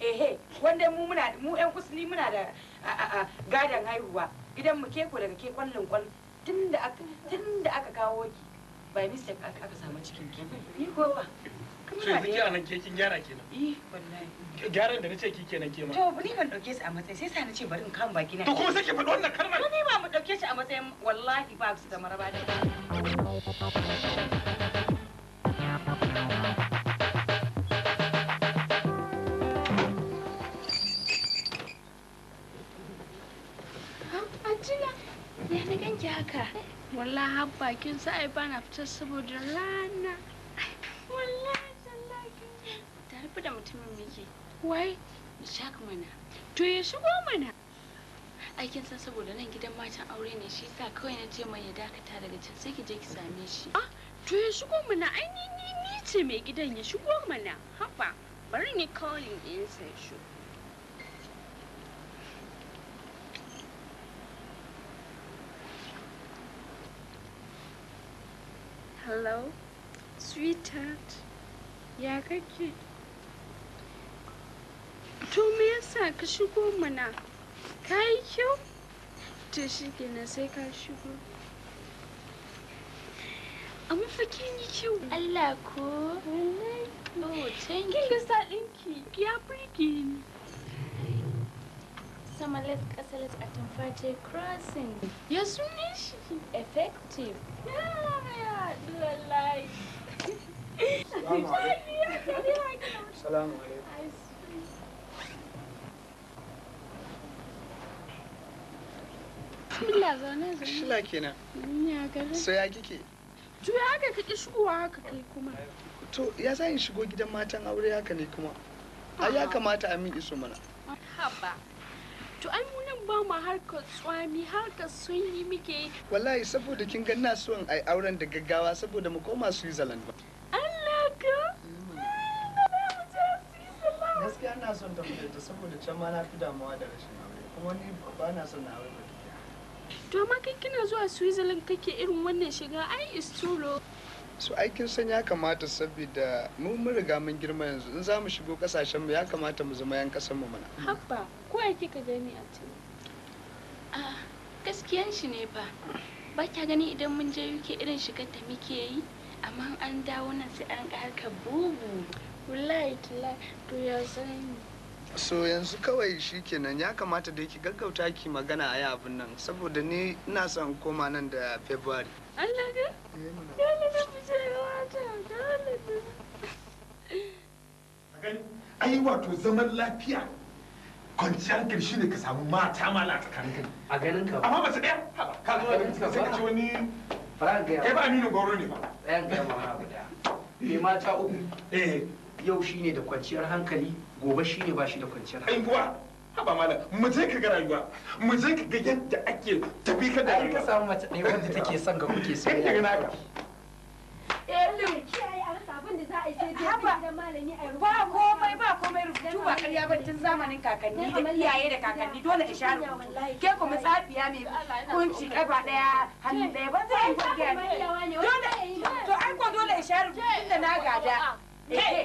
ehe wanda mu muna mu yan kusli muna da gadan haihuwa gidan mu ke ko daga ke kwallin kwal tunda aka tunda aka kawo ki by mistake aka samu cikin ki ni ko ba so yanzu ke anan ke kin gyara kenan eh wallahi gyaran da nace ki kenan ke ma to ni ban dauke shi a matsayin sai sa nace bari in kan baki na to kuma sai ki faɗi wannan kalmar ni ba mu dauke shi a matsayin wallahi ba su da maraba da ah, Ya na ganki haka? Wallahi har bakin sa'ai ba na fitar saboda rana. Wallahi. rabu da mutumin muke wai shak mana to ya shigo mana aikin san saboda nan gidan matan aure ne shi sa kawai na ce mai ya dakata daga can sai ki je ki same shi ah to ya shigo mana ai ni ni ni ce mai gidan ya shigo mana haba bari ni calling in sai shi Hello, sweetheart. Ya kake? to me yasa ka shigo mana ka kyau to shi kenan sai ka shigo amma fa kin yi kyau Allah ko wallahi oh, thank you kin ga ya burge ni sama let kasalat at tamfate crossing ya sunne shi effective ya wallahi Salamu alaikum. Bismillah zaune zaune. Shila kenan. Ya gare. So ya kike? Juya haka kake shigowa haka kai kuma. To ya sa in shigo gidan matan aure haka ne kuma. Ai ya kamata a min iso mana. Haba. To ai mu nan ba mu harkar tsami harkar sun yi muke. Wallahi saboda kin ga na so in ai auren da gaggawa saboda mu koma Switzerland ba. Allah ka. Mm. Gaskiya ina son ta saboda can ma na fi damuwa da rashin aure kuma ni ba na son na aure. to amma kai kina zuwa switzerland kake irin wannan shiga ai is true su aikin san ya kamata saboda mu mun riga mun girma yanzu in za mu shigo kasashen mu ya kamata mu zama yan kasan mu mana habba ko ai kika gani a ce ah gaskiyan shi ne fa ba kya gani idan mun je UK irin shigar da muke yi amma an dawo nan sai an harkar bubu wallahi to ya sani so yanzu kawai shi kenan ya kamata da ki gaggauta ki magana a yi abin nan saboda ni ina son koma nan da february Allah eh, ga? Ai wato zaman lafiya kwanciyar karshe ne ka samu mata mala a tsakanin kai a ganin ka amma su ɗaya. ka zo da sai ka ci wani Ba ga ya Ba ba aminu goro ne ba ɗayan ga ma guda eh. bai mata uku eh yau shi ne da kwanciyar hankali gobe shi ne ba shi da kwanciyar hankali haba malam mu je ka ga rayuwa mu je ka ga yadda ake tafi ka da rayuwa ka samu mace ɗaya wanda take son ga kuke so ya ga naka Elu eh, kiyaye a rasa da za a yi sai dai gidan malami a rubutu ba komai ba komai rubutu ba ƙarya ba tun zamanin kakanni da iyaye da kakanni dole ki sha rubutu ke kuma tsafiya mai kunci ƙafa ɗaya hannu ɗaya ba zai yi dole to ai ko dole in sha rubutu tun da na gada Yeah.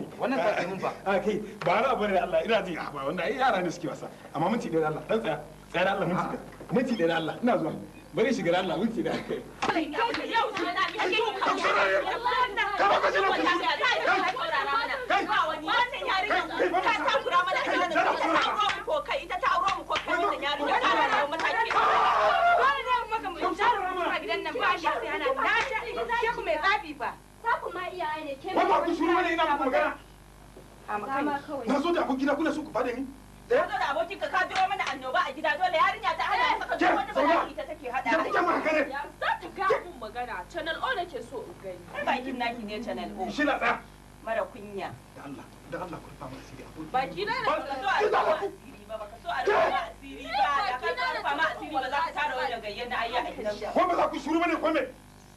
wannan mun fa. a ah, kai ba wani abu Allah ina ji ah, ba wanda ai yara ne suke wasa amma mun ɗaya da Allah dan tsaya tsaya da Allah minti ɗaya mun ɗaya da Allah ina zuwa bari shiga da Allah minti ɗaya kai Ba ba na zo da abokina kuna so ku fada ni ka eh? da abokin ka ka jiro mana annoba a gida dole yarinya ta hana ya saka eh, wani bala'i ta take hada kai jama'a kare za ta ga mun magana channel O nake so in gani bakin naki ne channel O shi na mara kunya da Allah da Allah ku rufa mana asiri abokin baki na ba so a rufa asiri ba ka so a rufa asiri ba da ka rufa ma asiri ba za ka tara gayyen ko ku bane ko me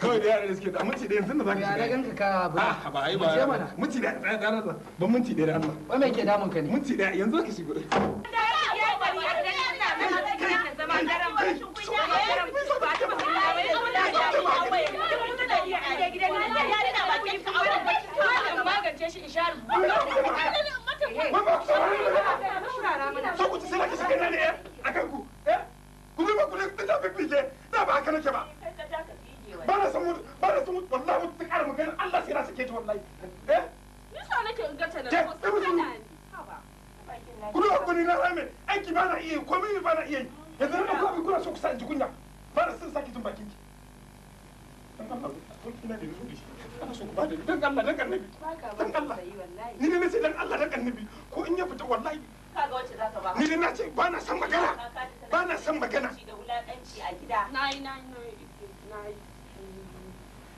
kawai da yaran da suke da minti da yanzu da zaka shiga ya ka ba ba ai ba minti da tsaya tsaya da ban minti da Allah wai mai ke damun ka ne minti da yanzu zaka shiga da ya bari ya da ina na da zama garan ba shi kunya ba garan ba ba ta ba ya zo da ya ba wai mutum da ya ida gidan nan da ya da ba ki ka auren ba ki magance shi isharu ba ba so ku ci sai ka shiga nan ne akan ku eh ku ba ku ne da ba da ba nake ba ba na san mutu ba na san mutu wallahi mutu ta ƙara magana Allah sai na sake ta wallahi eh ni so nake in gata da ko sai kana ni ku da hakuri na rame aiki ba na iya komai ba na iya yanzu na ɗauko abin kuna so ku sa in ji kunya ba na san sake tun bakin ki dan Allah dan annabi dan Allah ni ne nace dan Allah dan annabi ko in ya fita wallahi kaga wacce zaka ba ni ne nace ba na san magana ba na san magana da wulakanci a gida nayi nayi nayi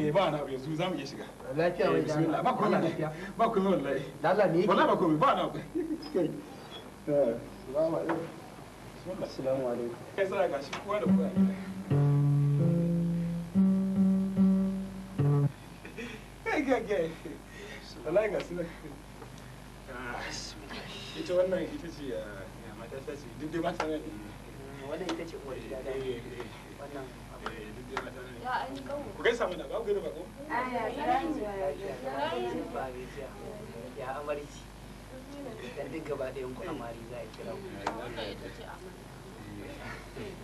eh ba na yanzu za mu iya shiga lafiya eh, wai bismillah ba lafiya ba wallahi ne ba ba na eh, assalamu alaikum assalamu alaikum kai sai ga shi kowa da kowa kai ga ga wallahi ga ah, ita wannan ita ce ah, ya mata ta ce duk dai ne wannan ita ce uwar gida eh, wannan duk dai ku gaisa mana ba ku gaida bako ya amarci dan duk gaba da ku amari za a kira ku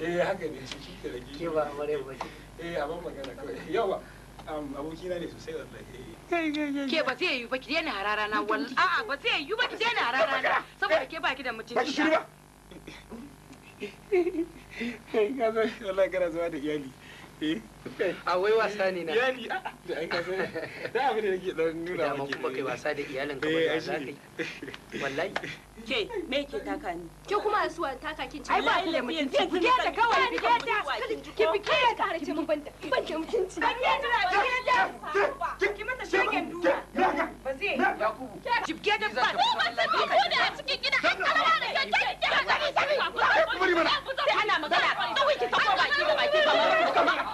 eh haka ne shi ke da ke ba amare ba eh abin magana kawai yawa abokina ne sosai wallahi ke ba zai yi ba ki daina harara na wallahi a'a ba zai yi ba ki daina harara na saboda ke baki da mutunci ba ki shiru kai ka zo wallahi kana zama da iyali Eh. a ah, wai wasa ne na iyali ah, ah. da kasa da da dan nuna maka kuma kai wasa da iyalin ka ba eh, za ka yi wallahi ke me ke taka ni ke kuma suwa taka kin ai ba mutum ke fike ta kawai fike ta ki fike ta har ce mun banda banda mutunci ban ne ta ki mata shegen duwa ba zai ta ba ba ko da a cikin gida har kalma da ke ke ke ba ba ba ba ana magana kawai ki kafa baki da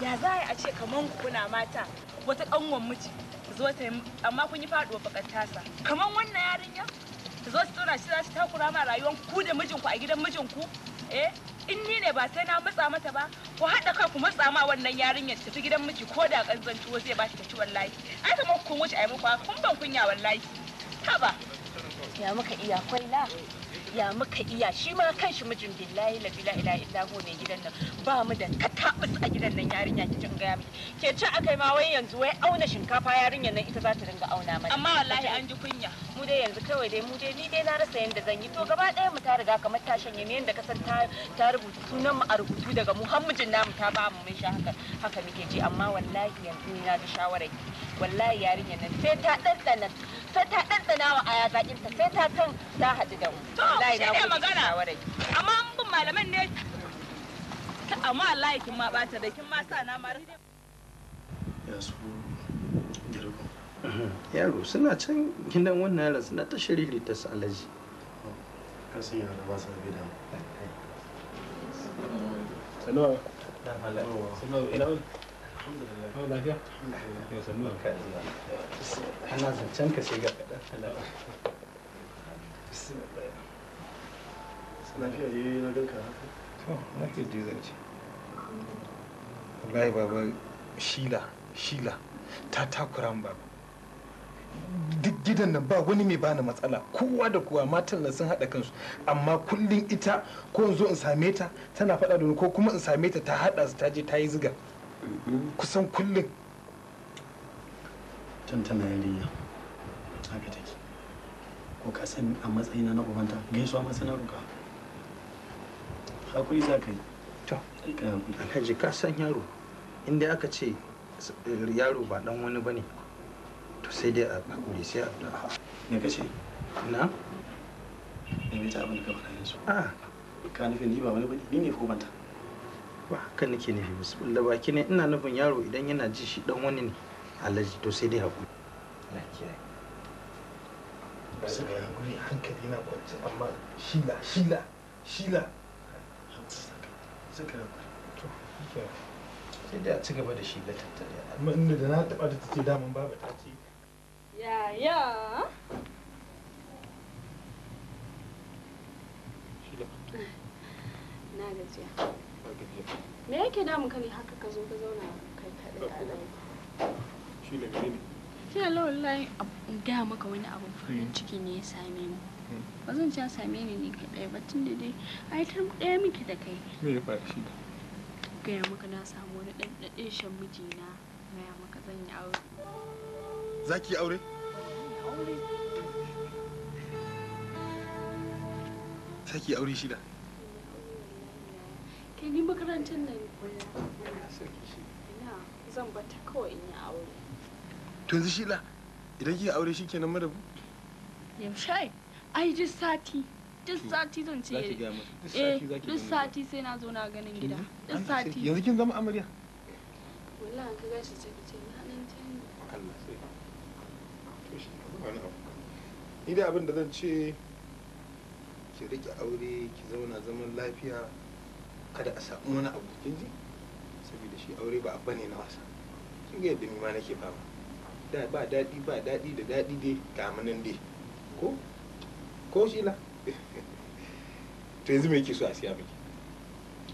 ya za a ce kaman kuna mata wata kanwan miji zo ta amma kun yi faduwa bakantasa kaman wannan yarinya ta zo tsora shi za su takura ma rayuwar ku da mijinku a gidan mijinku eh in ni ne ba sai na matsa mata ba ku haɗa kai ku matsa ma wannan yarinyar tafi gidan miji ko da kanzan tuwo zai ba ta ci wallahi ai kuma kun wuce ai muku kun ban kunya wallahi haba ya muka iya kwaila ya muka iya shi ma shi mijin billahi la billahi la illa hu ne gidan nan ba mu da katabus a gidan nan yarinya ki in ga miki ke ci akai ma wai yanzu wai auna shinkafa yarinya nan ita za ta dinga auna mana amma wallahi an ji kunya mu dai yanzu kawai dai mu dai ni dai na rasa yanda zan yi to gaba daya mu ta riga kamar ta shanye ne yanda ka san ta rubuta sunan mu a rubutu daga mu har mijin namu ta ba mu mun sha haka haka muke ji amma wallahi yanzu ni na da shawarar wallahi yarinya nan sai ta nan. sai ta ɗanɗana wa aya zaƙinta sai ta san ta haɗu da mu. To, shi ne magana. Amma an bin malaman ne. Amma Allah ɓata da kin sa na Ya su Yaro suna can gidan wannan yaron suna ta shiriri ta su alaji. Kasan yara ba da. Sanuwa. Sanuwa. lafiya ya sannu ga kaɗan lafiya ne na wallahi baba shila shila ta takura mu duk gidan nan ba wani mai bani matsala kowa da kowa matan nan sun haɗa kansu amma kullum ita ko in zo in same ta tana faɗa da ko kuma in same ta ta haɗa su ta je ta yi ziga kusan kullum tantana yarinya haka take ko ka san a matsayina na ubanta gaisuwa masa na ruka hakuri za ka yi to alhaji ka san yaro inda aka ce eh, yaro ba dan wani bane to sai dai a hakuri sai a da me kace na bai ta abin da ka faɗa yanzu a ah. ka nufin ni ba wani bane ni ne ko banta ba haka nake nufi musu bulla baki ne ina nufin yaro idan yana ji shi dan wani ne alaji to sai dai hakuri hankali na kwanci amma shila shila shila sai dai a ci gaba da shi da tattare amma inda da na taba da take daman babu ta ce ya ya na gajiya tafiya me yake damun ka ne haka ka zo ka zauna kai kaɗai a nan shi ne ne shi gaya maka wani abin farin ciki ne ya same mu hmm. ba zan ci same ni ne kaɗai ba tun da dai ai ta ɗaya miki da kai me ya shi gaya maka na samu wani shan mijina gaya maka zan yi aure za ki aure? za ki aure shida kai ni makarantar nan ina zan bata kawai in yi aure to yanzu shila idan kika aure shikenan madabu yaushe ai duk sati duk hmm. sati zan ce eh duk sati sai na zo na ganin gida duk sati yanzu kin zama amarya wallahi ka gashi ce ce na nan tani Allah sai ni da abin da zan ce ki rike aure ki zauna zaman lafiya kada a samu wani abu kin Kinji saboda shi aure ba abu ne na wasa kin ga yadda ni ma nake fama da ba daɗi ba daɗi da daɗi dai ga munan dai ko ko shi la to yanzu me yake so a siya miki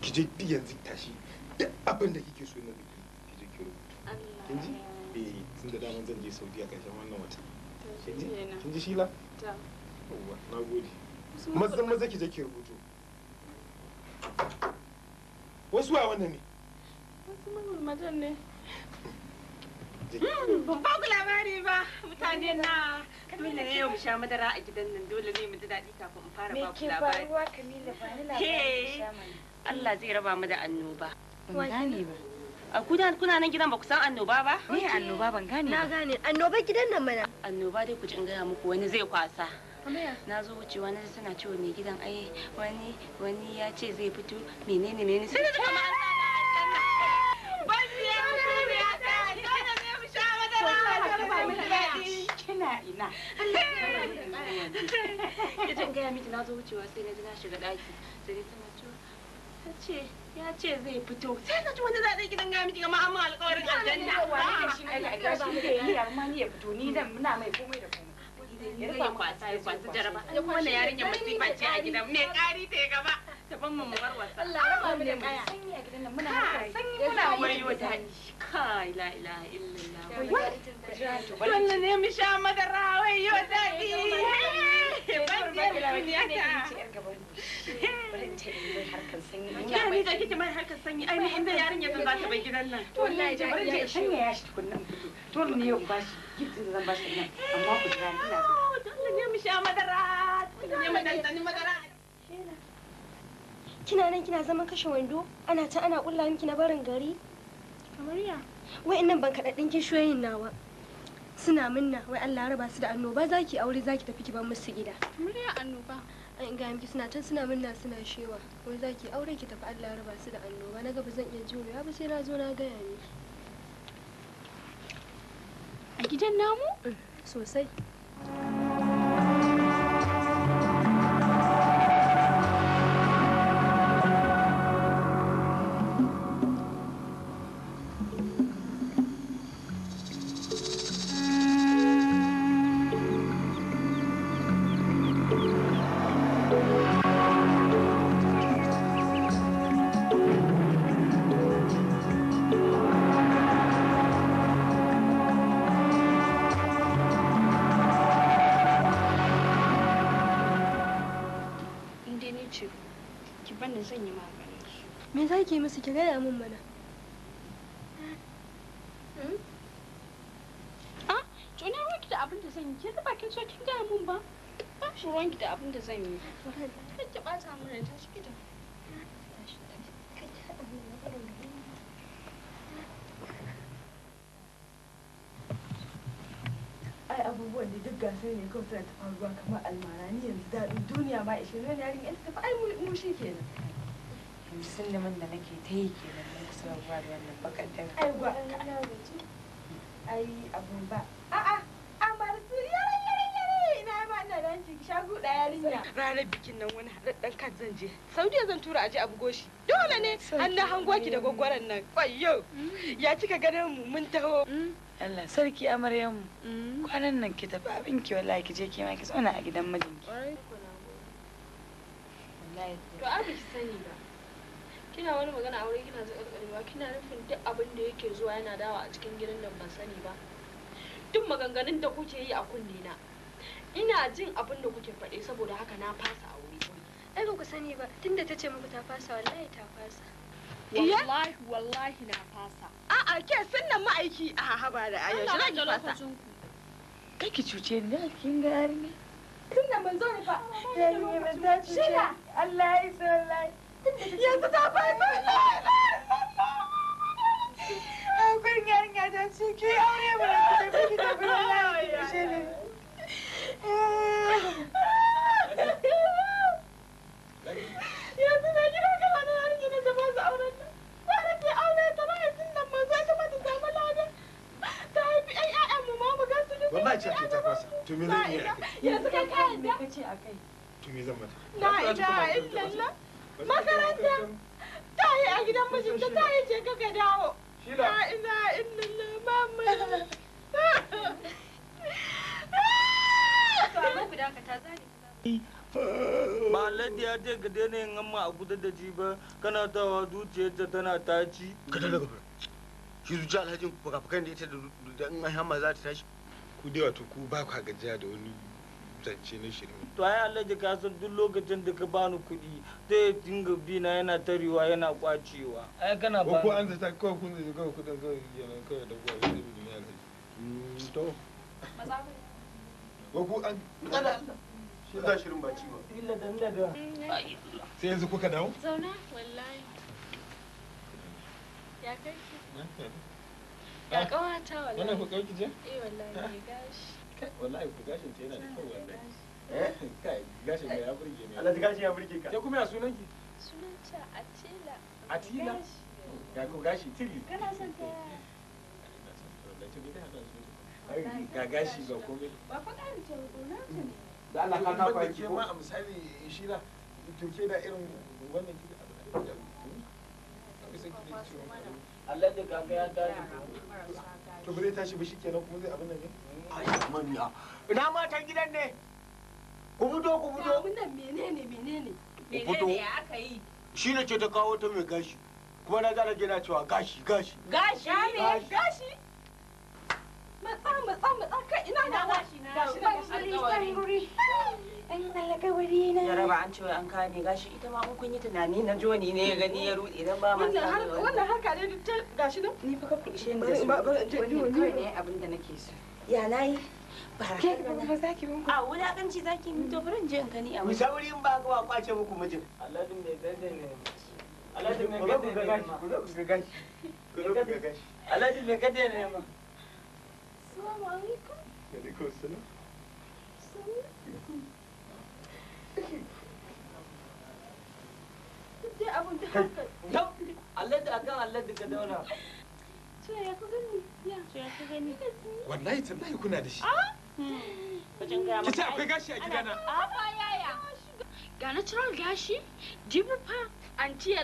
ki je duk yanzu tashi duk abin da kike so na biki ki je ki rubuta kinji eh tun da daman zan je a karshen wannan wata kinji kinji kin ji shi la yawwa nagode mazan maza ki je ki rubuta wasu wa wannan ne wasu magulmatan ne hmm, ban ba ku labari ba mutane na kamila yau mu sha madara a gidan nan dole ne mu ji daɗi kafin fara ba ku labari me ke faruwa kamila ba ni labari Allah zai raba mu da annoba ban gane ba a kuna kuna nan gidan ba ku san annoba ba me annoba ban gane ba na gane annoba gidan nan mana annoba dai ku ji in gaya muku wani zai kwasa na zo wucewa na tana cewa mai gidan ai wani wani ya ce zai fito menene menene sai da kuma gaya miki na zo wucewa sai na ji na shiga ɗaki. Sai dai tana ta ce ya ce zai fito. Sai na ji wanda za gidan gaya miki kama an alƙawarin aljanna. Ba ni da shi ne ga shi ne ya fito ni dan muna mai komai da komai. ya rufa ya a tsaye kwanta jaraba wannan yarinyar masifa ce a gidan mai kari ta gaba taban mu Allah mu da sanyi a gidan nan muna sanyi muna wayo dadi kai la ilaha illallah wannan ne mu sha madara wayo dadi ban je duniya ta ni da kike mai harkar sanyi ai ni inda ta gidan nan to bari ya shi tukunna to ne yau ba shi zan ba shi nan amma ku jira ne mu sha madara ne mu dandani madara kina nan kina zaman kashe wando ana ta ana kulla miki na barin gari kamar ya nan ban kadaddin shoyin nawa suna minna wai Allah raba su da annoba zaki aure zaki tafi ki ban musu gida kamar ya annoba an ga miki suna can suna minna suna shewa wai zaki aure ki tafi Allah raba su da annoba na gaba zan iya jurewa ba sai na zo na gaya ni. a gidan namu mm, sosai ce ki bani zan yi maganin su me za ki musu ki gaya min mana hmm? a ah, to na ruwanki da abin da zan yi ke ba kin so kin gaya min ba ba shi ruwanki da abin da zan yi ki ɓata mun rai ta shi gidan abubuwan da duk gasar ne kawai suna ta faruwa kamar almara ni yanzu daɗi duniya ma ishe ne yarin yan ai mu shi kenan yanzu sun da man da nake ta yi kenan na kusa ruwa da wannan bakar da ai gwa ai abun ba a'a amar su yarin yarin yarin ina ba ina da hanci shagu da yarinya ranar bikin nan wani haɗaɗɗen kan zan je saudiya zan tura aje abu goshi dole ne an na hango ki da gwaggwaran nan kwayo mm. ya cika ganin mu mun taho mm. Allah sarki amaryan mu kwanan nan ki tafi abin ki wallahi ki je ki ma ki zauna a gidan ki to abin ki sani ba kina wani magana aure kina zakarkarewa kina nufin duk abin da yake zuwa yana dawa a cikin gidan nan ban sani ba duk maganganun da kuke yi a kunne na ina jin abin da kuke faɗi saboda haka na fasa aure ai ba ku sani ba tunda ta ce muku ta fasa wallahi ta fasa wallahi wallahi na fasa a'a ke sannan ma'aiki a haba da ayo shi zaki fasa kai cuce ni kin ga tun da ban zo ni fa yarinya ban ta cuce Allah ya yanzu ta fasa ta ce zama su auren wallahi ce ke ta fasa to me zan iya yanzu kai ka yadda ka ce a kai to me zan mata la ilaha illallah makaranta ta yi a gidan mijinta ta yi ce ka dawo la ilaha illallah mama Ba ba ladi ya je ka ne in amma a gudar da ji ba kana tawa ta tana taci kada daga bar shi zuciya alhajin fukafukan da ita da in an hama za ta tashi ku dai wato ku ba ku gajiya da wani zance na shirin to ai alhaji ka san duk lokacin da ka bani kuɗi zai dinga bina yana tarewa yana kwacewa ai kana ba an zata kawai kun zai kawai kawai yana kawai da zai bi ne alhaji mm, to ku an kada Allah shi za shirin ba ba illa sai yanzu kuka dawo zauna wallahi ya kai ya kawata wallahi wannan ku kauki je eh wallahi gashi wallahi ku ta yana da kyau wallahi eh? kai gashin mai ya burge ne Allah gashin ya burge ka ke kuma ya sunan ki sunan ta Atila Atila ga ku gashi tiri kana son ta eh, ga gashi ga komai ba fa ƙarin ta ta ne da Allah ka ta ko ma a misali shi na to da irin wannan abu da Allah da gaga ya to bare ba shikenan kuma zai abin nan ne ai ina matan gidan ne ku fito ku fito abin nan menene menene menene ya aka yi ne ce ta kawo ta mai gashi kuma na gane gina cewa gashi gashi gashi gashi jaraba an cewa an kame gashi ita ma in kun yi tunani na joni ne ya gani ya rude idan ba ma wannan harka ne ta gashi nan ni fa ka kulishe ni da su wannan kai ne abin da nake so ya nayi ba ke ba zaki mun a wulakanci zaki mun to furin je in gani a wani sauri in ba ka ba kwace muku mijin Alladin mai gande ne Alladin mai gande ne ma Alladin mai gande ne ma Wa Allah da Allah da ka dauna. ya gani? Ya, ya gani. Wallahi tallahi kuna da shi. Wajen Kita akwai gashi a gidana. A ba yaya. Ga natural gashi, dibu fa, anti ya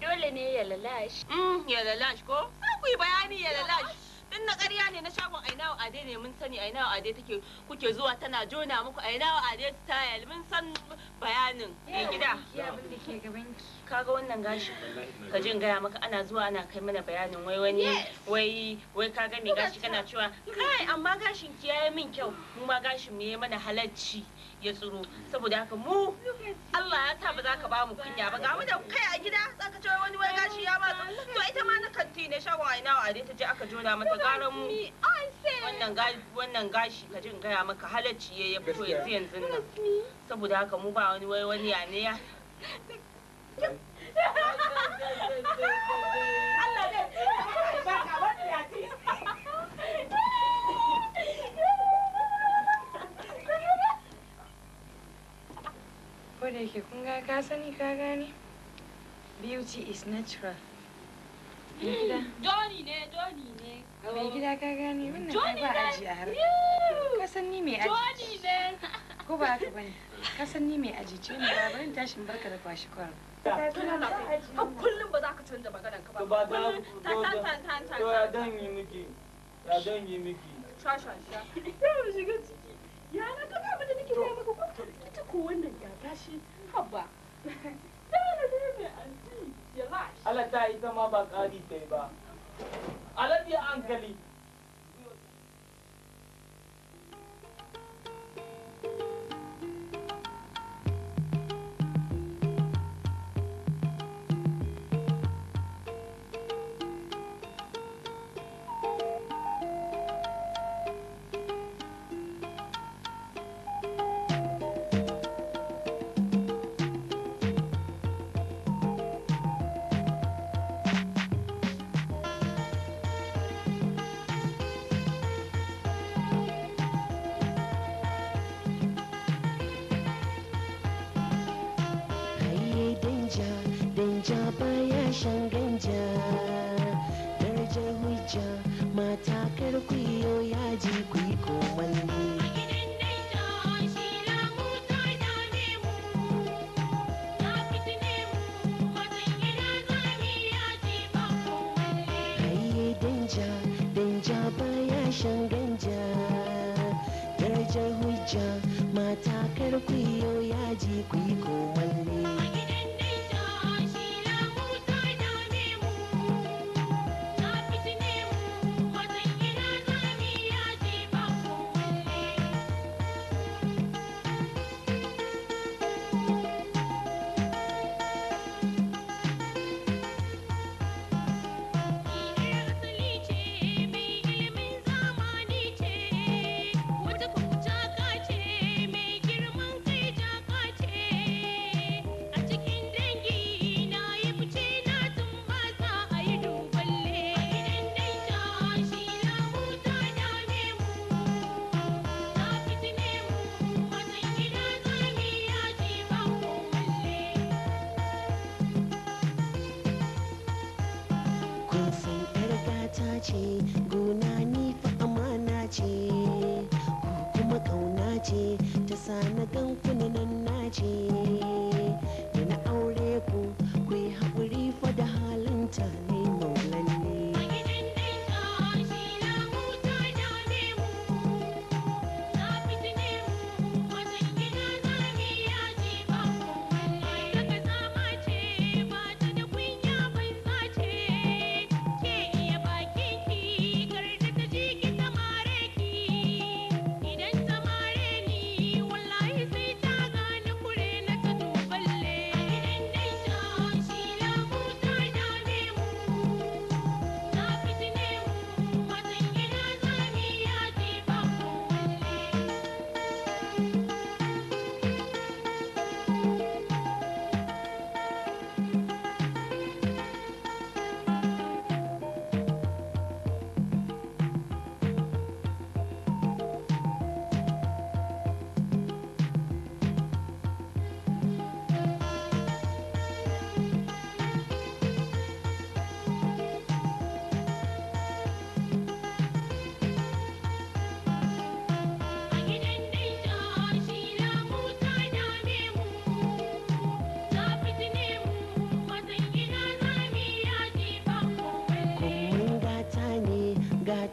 Dole ne ya lalash. Mm, ya ko? Za bayani ya lalash. din na ƙarya ne na shagon aina ade ne mun sani aina ade take kuke zuwa tana jona muku aina ade style mun san bayanin ne gida kaga wannan gashi ka jin gaya maka ana zuwa ana kai mana bayanin wai wani wai wai kaga me gashi kana cewa kai amma gashin ki yayi min kyau mu ma gashin me mana halacci ya tsiro saboda haka mu Allah ya sa ba za ka ba mu kunya ba ga mu da kai a gida za ka ce wani wai gashi ya ba to ita ma na kanti ne shagon aina a dai ta je aka jona mata gara mu wannan gashi ka jin gaya maka halacci ya fito yanzu yanzu nan saboda haka mu ba wani wai wani ya ne ya Allah ne ba ka wani ya ce ko da yake kun ga ka sani ka gane beauty is natural hmm, Johnny ne, Johnny ne. Mai gida ka gane wannan ai ba aji a har. Ka san ni mai aji. Johnny ne. Ko ba ka bane. Ka san ni mai aji ce ne babarin tashin barka da kwashi kwaro. kullum ba za ka canza maganar ka ba. Ba ta ta ta ta ta. Ya miki. Ya miki. shiga ciki. Ya na ka ba da nake ga maka ko. Ita ko wannan shi haba Allah ta yi zama ba ƙari sai ba. Alabi hankali. you.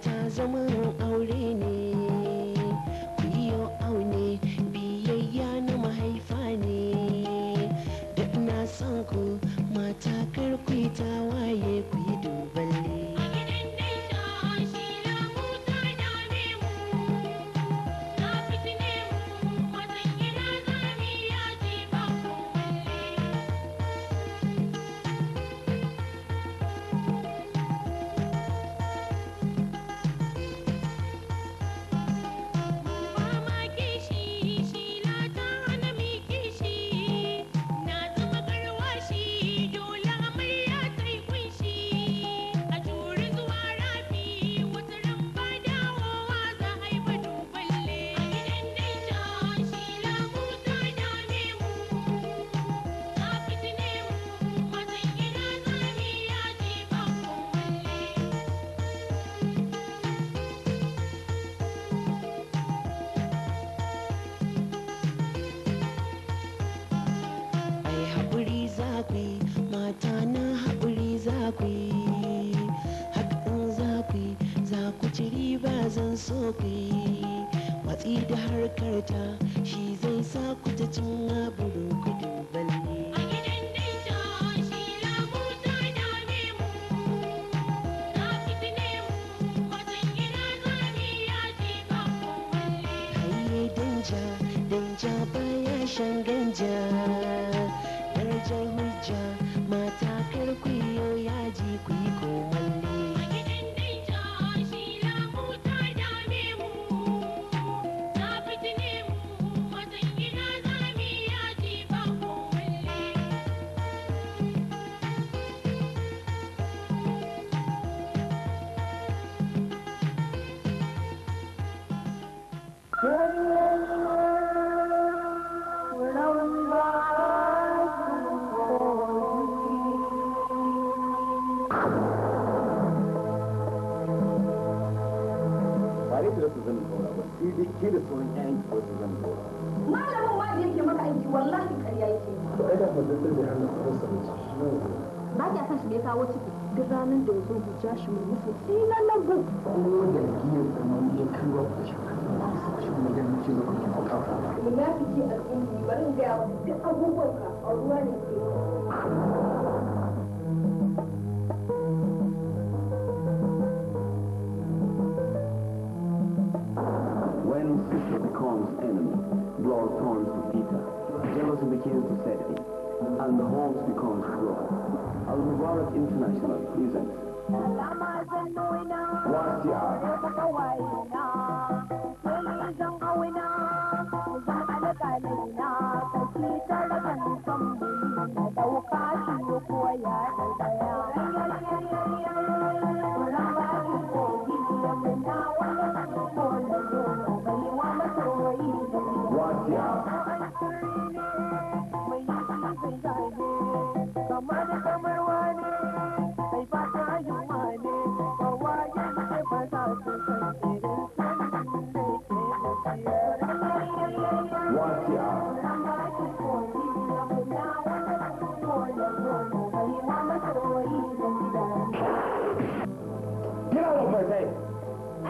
ta zama aure ne 生更加。ke da sauran ki zan malamin ma da yake maka aiki wallahi ƙarya yake to ai da ba zai tsirbe hannun ka rasa mace ba kya san shi me kawo ciki duk ranar da zo ku ja shi mai musu tsinan nan bu ko da giyar da mun yi kaiwa ku ci shi mai ganin ce zaka ki kuka munafiki al'ummi bari duk abubuwan ka a ruwa ne ke Khan's enemy, brought thorns to Peter. Jealousy begins to set in, and the horns become cruel. Al-Mubarak International presents... Wasia.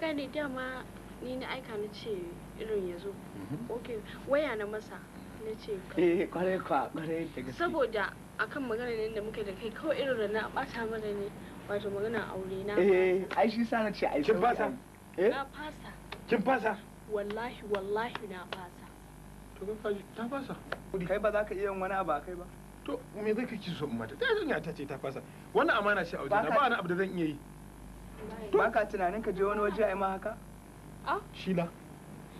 gane dama ni na aika na ce irin ya zo mhm. waya na masa na ce eh, kwarai kwa kwarai da gaske saboda akan magana ne da muka da kai kawai irin da na bata mana ne wato magana aure na eh ai shi sa na ce ai kin fasa eh? na fasa kin fasa wallahi wallahi na fasa to kin fasa ta fasa kai ba za ka iya wani abu kai ba to me zai kake so mata ta zanya ta ce ta fasa wannan amana ce a na ba wani abu da zan iya yi ba ka tunanin ka je wani waje a yi ma haka na.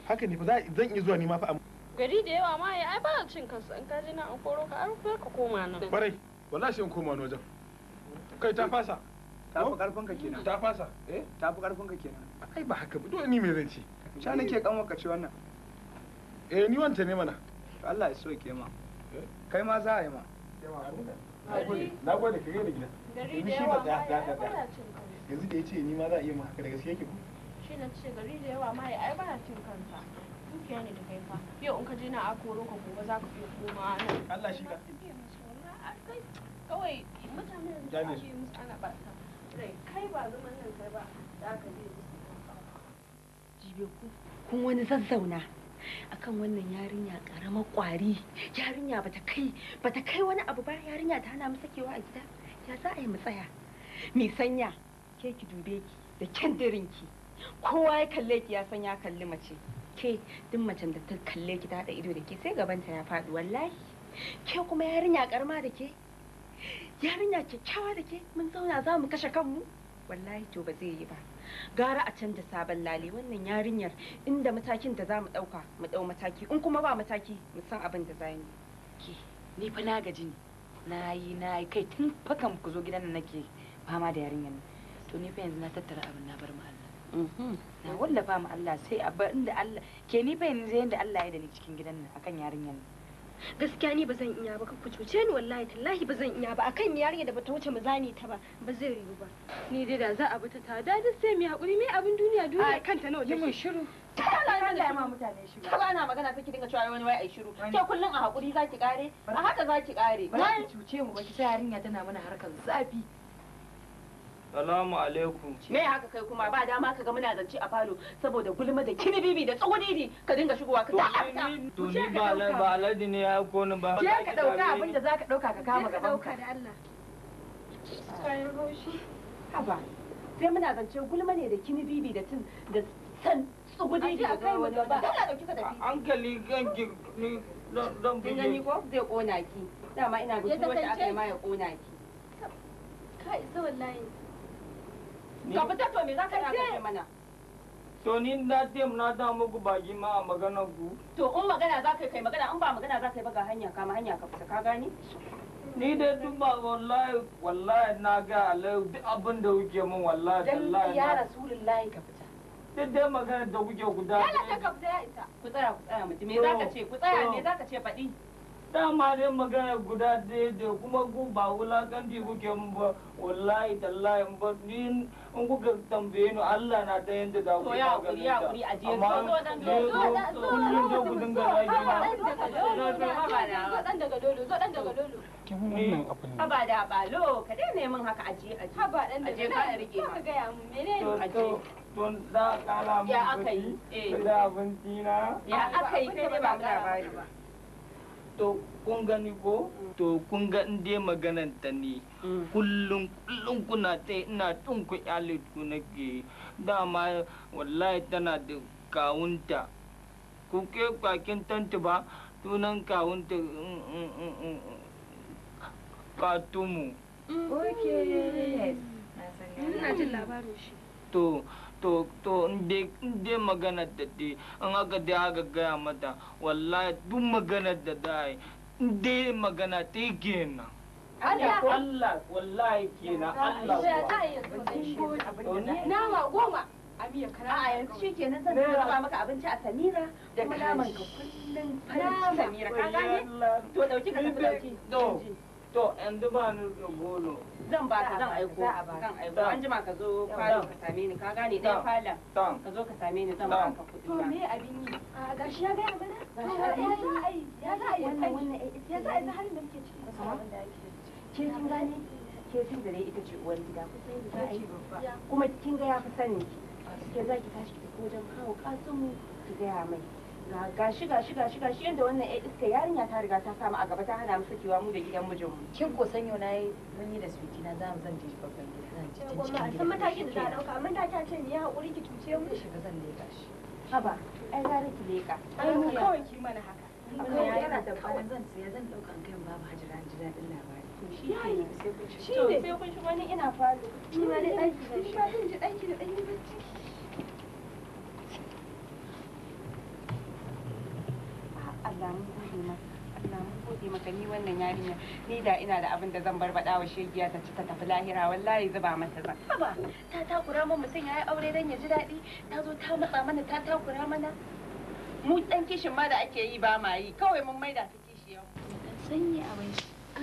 haka ne fa zan iya zuwa ni ma fa gari da yawa ma ya ai ba cin kansu in ka je na an koro ka an ka koma nan barai wallahi sai in koma wajen kai ta fasa ta fi karfin ka kenan ta fasa eh ta fi karfin ka kenan ai ba haka ba ni me zan ce. sha nake kan waka wannan eh ni wanta ne mana Allah ya soke ma eh? kai ma za a yi ma na gode ka gani gida gari da yawa ma ya ai ba cin kansu yanzu da ya ce ni ma za a iya mu haka da gaske yake ko shi na ce gari da yawa ma ya ai baya cin kansa duk ne da kai fa yau in ka je na akoro ka gobe za ka fi koma nan Allah shi ka kawai mutane da ake musu ana ɓata rai kai ba zaman nan kai ba za ka je musu jibe ku kun wani zazzauna akan wannan yarinya karamar kwari yarinya bata kai bata kai wani abu ba yarinya ta hana mu sakewa a gida ya za a yi mu tsaya mi sanya ke ki dube ki da kyandirin ki kowa ya kalle ki ya san ya kalli mace ke duk macen da ta kalle ki ta da ido da ke sai gabanta ya faɗi wallahi ke kuma yarinya karma da ke yarinya kyakkyawa da ke mun zauna za mu kashe kanmu wallahi to ba zai yi ba gara a canza sabon lale wannan yarinyar inda matakin da za mu ɗauka mu ɗau mataki in kuma ba mataki mu san abin da za yi ke ni fa na gaji ne na yi na yi kai tun fakan ku zo gidan nan nake fama da yarinyar nan to ni fa yanzu na tattara abin na bar Allah mhm. na wallafa ma Allah sai a bar inda Allah ke ni fa yanzu yanda Allah ya da ni cikin gidan nan akan yarinyar nan gaskiya ni ba zan iya ba ku cuce ni wallahi tallahi ba zan iya ba akan yarinya da bata wuce mazani ta ba ba zai riyu ba ni dai da za a bi ta ta da duk sai mu hakuri mai abin duniya duniya kanta nawa take mun shiru Allah ma mutane shiru ko ana magana kake dinga cewa wani wai ai shiru ke kullun a hakuri zaki kare a haka zaki kare ba ki cuce mu ba ki sai yarinya tana mana harkar zafi Salamu alaikum. Me haka kai kuma ba dama ka ga muna zance a falo saboda gulma da kini bibi da tsugudidi ka dinga shigowa ka ta'afta. To ni ba ba aladi ne ya ko ni ba. Je ka dauka abin da zaka dauka ka kama gaban ka. dauka da Allah. Kayan haushi. Haba. Sai muna zance gulma ne da kini bibi da tin da san tsugudidi da kai wani ba. Dole dauki ka tafi. Hankali ganki ni dan bin. Ni ko zai kona ki. Dama ina gudu wata aka yi ma ya kona ki. Kai sai wallahi. ka fita to me za ka da mana to ni na ce na da muku baki ma a magana ku to in magana za ka kai magana in ba magana za ka yi ba ga hanya kama hanya ka fita ka gani ni dai duk ba wallahi wallahi na ga alau duk abin da kuke min wallahi wallahi ya rasulullahi ka fita duk dai magana da kuke guda kana ka fita ya isa ku tsaya ku tsaya mutum me za ka ce ku tsaya me za ka ce faɗi dama dai magana guda daidai kuma ku ba wulakanci kuke mun ba wallahi tallahi ba ni in kuka tambaye ni Allah na ta yanda da ku ya ku ya ku a je zo zo dan zo kullun zo ku dinga rage na zo dan daga dolo zo dan daga dolo ki mun wannan abin ne ba da balo ka dai ne mun haka aje aje ha ba dan daga ka rike ka ga ya mun menene aje don da kala mun ya akai eh da abinci na ya akai kai ne ba ka labari ba to kun gani ko to kun ga in dai maganan ta ni mm. kullum kullum kuna ta ina tun ku ku nake dama wallahi tana da kawunta ku ke kwakin tantu ba tunan kawunta katumu mm, mm, ina jin labarin shi to to to inda magana da dai an haka da haka gaya mata wallahi duk magana da dai inda magana ta yi Allah wallahi kenan Allah nawa goma Amiya kana a yanzu shi kenan zan zuba maka abinci a Samira da naman ka kullum farin Samira ka gane to dauki ka tafi dauki To yanzu ba ni golo. Zan ba ka zan aiko. Zan aiko. An jima ka zo falo ka same ni ka gane ɗaya falon. Ka zo ka same ni zan ba ka kuɗi. To me abin yi? A gashi ya gaya mana. Ya za a yi. Ya za a yi. Eh, ya za a yi eh, halin da muke ciki. Ke kin gane? Ke ita ce uwar gida. Kuma kin ga ya fi sanin Ke za ki tashi ki ko wajen kawo ki gaya mai. gashi gashi gashi gashi yadda wannan ya iska yarinya ta riga ta samu a gaba ta hana mu sakewa mu da gidan mijin mu kin ko sanyo na yi mun yi da suki na zamu zan je babban gida zan je cikin gida san mataki da za a dauka amma ta ta ce ni ya hakuri ki tuce mu shiga zan leka shi haba ai gara ki leka ai mu kawai ki mana haka akwai yana da kawai zan tsaya zan dauka kai mun babu hajira an ji daɗin labari shi sai kun shi ne sai kun shi wani ina falo ni ma dai ɗaki da shi ba zan ji ɗaki da ɗanyi bacci Allah mun gode maka Allah mun gode maka ni wannan yarinya ni da ina da abin da zan barbaɗa wa shegiya ta ci ta tafi lahira wallahi zuba mata zan haba ta takura mun mutum yayi aure dan ya ji daɗi ta zo ta matsa mana ta takura mana mu dan kishin ma da ake yi ba ma yi kawai mun maida ta kishi yau sanye a bai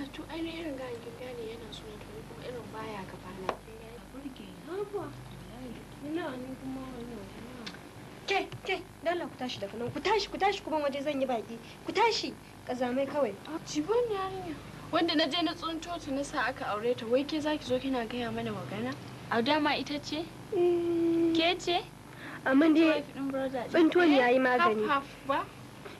a to ai na irin garin gida ne yana so ne kuma irin baya gaba na burge na ba wallahi na ne kuma wani. Ke, ke, dala ku tashi daga nan, ku tashi, ku tashi kuma waje zan yi baki, ku tashi, kazamai kawai. Jibon yarinya. Wanda na je na tsunto ta na sa aka aure ta, wai ke zaki zo kina gaya mana magana? A dama ita ce? Mm. Ke ce? Amma dai tsunto ne eh, yayi magani. ba?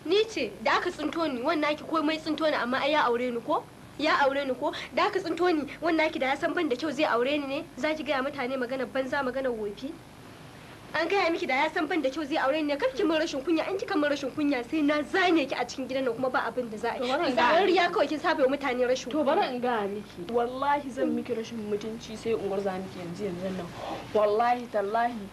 Ni ce, da aka tsunto ni, wannan naki komai tsunto ni amma ai ya aure ni ko? ya aure ni ko da aka tsunto ni wannan ki da ya san ban da kyau zai aure ni ne zaki gaya mutane magana banza magana wofi an gaya miki da ya san ban da kyau zai aure ni kar ki min rashin kunya an kika min rashin kunya sai na zane ki a cikin gidan nan kuma ba abin da za a yi zarar ya kawai kin saba wa mutane rashin to bari in gaya miki wallahi zan miki rashin mutunci sai in gwarza miki yanzu yanzu nan wallahi tallahi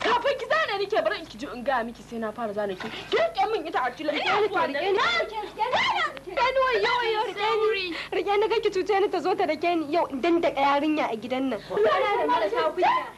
kafin ki zane nike bari ki ji in gaya miki sai na fara zane ki ki rike min ita a tilo ina zuwa da ni dan wayo wayo rike ni rike ni kake cuce ni ta zo ta rike ni yau dan da yarinya a gidan nan kana da marasa kunya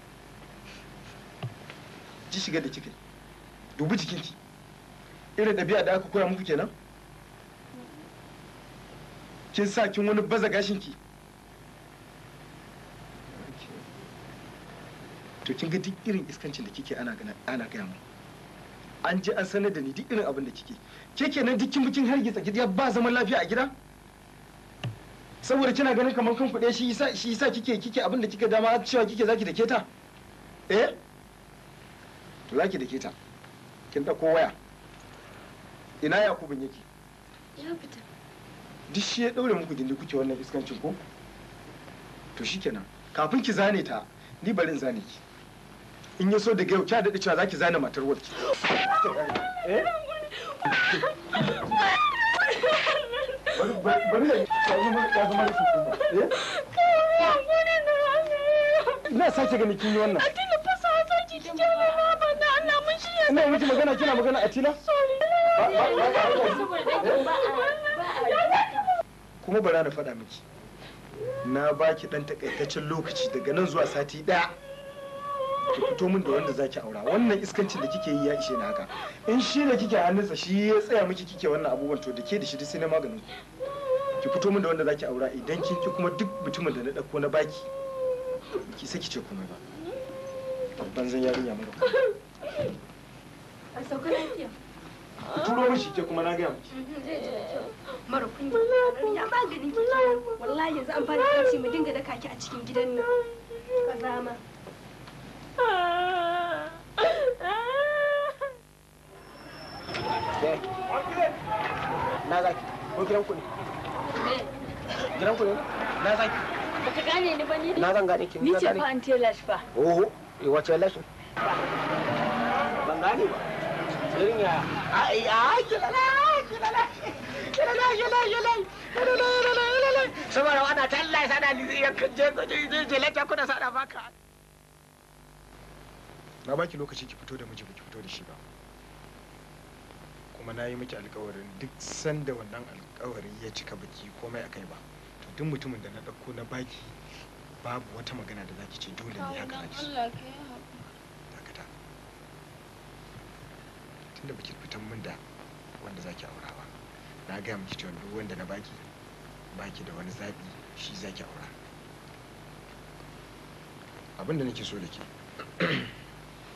ji shiga da kika dubi jikinki irin ɗabi'a da aka koya muku kenan kin sa kin wani baza gashinki to kin ga duk irin iskancin da kike ana ana gaya mu an je an sanar da ni duk irin abin da kike ke kenan duk kin bikin hargitsa gida ba zaman lafiya a gida saboda kina ganin kamar kan kuɗe shi yasa shi yasa kike kike abin da kike dama cewa kike zaki da keta eh to za ki dake ta kin dauko waya ina yakubun yake ya fita duk shi ya daure muku gindi kuke wannan iskancin ko to shikenan kafin ki zane ta ni barin zane ki in ya so daga yau kya daɗe cewa za ki zane matar ki? Eh? Eh? bari eh? sake ganin kin yi wannan. ina miki magana kina magana a tila. kuma bara na fada miki na baki ɗan takaitaccen lokaci daga nan zuwa sati daya ki fito min da wanda zaki aura wannan iskancin da kike yi ya ishe ni haka in shi ne kike hannunsa shi ya tsaya miki kike wannan abubuwan to da ke da shi sai na maganin ki fito min da wanda zaki aura idan kin ki kuma duk mutumin da na ɗauko na baki ki saki ce komai ba babban zan yarinya ba. a sauka lafiya ku turo mishi ke kuma na gaya miki mm-hmm, zai ji kyau mara kunya ya maganin ki wallahi yanzu an fara kanci mu dinga daka ki a cikin gidan nan kazama na zaki ko gidan ku ne gidan ku ne na zaki baka gane ni ba ni na ni ce fa an shi eh, ban gane ba saboda wadda ta Allah ya sada lizi ya je jelata kuna sada baka na baki lokaci ki fito da miji ki fito da shi ba kuma na yi miki alkawarin duk sanda wannan alkawarin ya cika baki komai akai ba to duk mutumin da na ɗauko na baki babu wata magana da zaki ce dole ne haka na ji tunda baki fitan min da wanda zaki aura ba na gaya miki cewa duk wanda na baki baki da wani zaɓi shi zaki aura abin da nake so da ke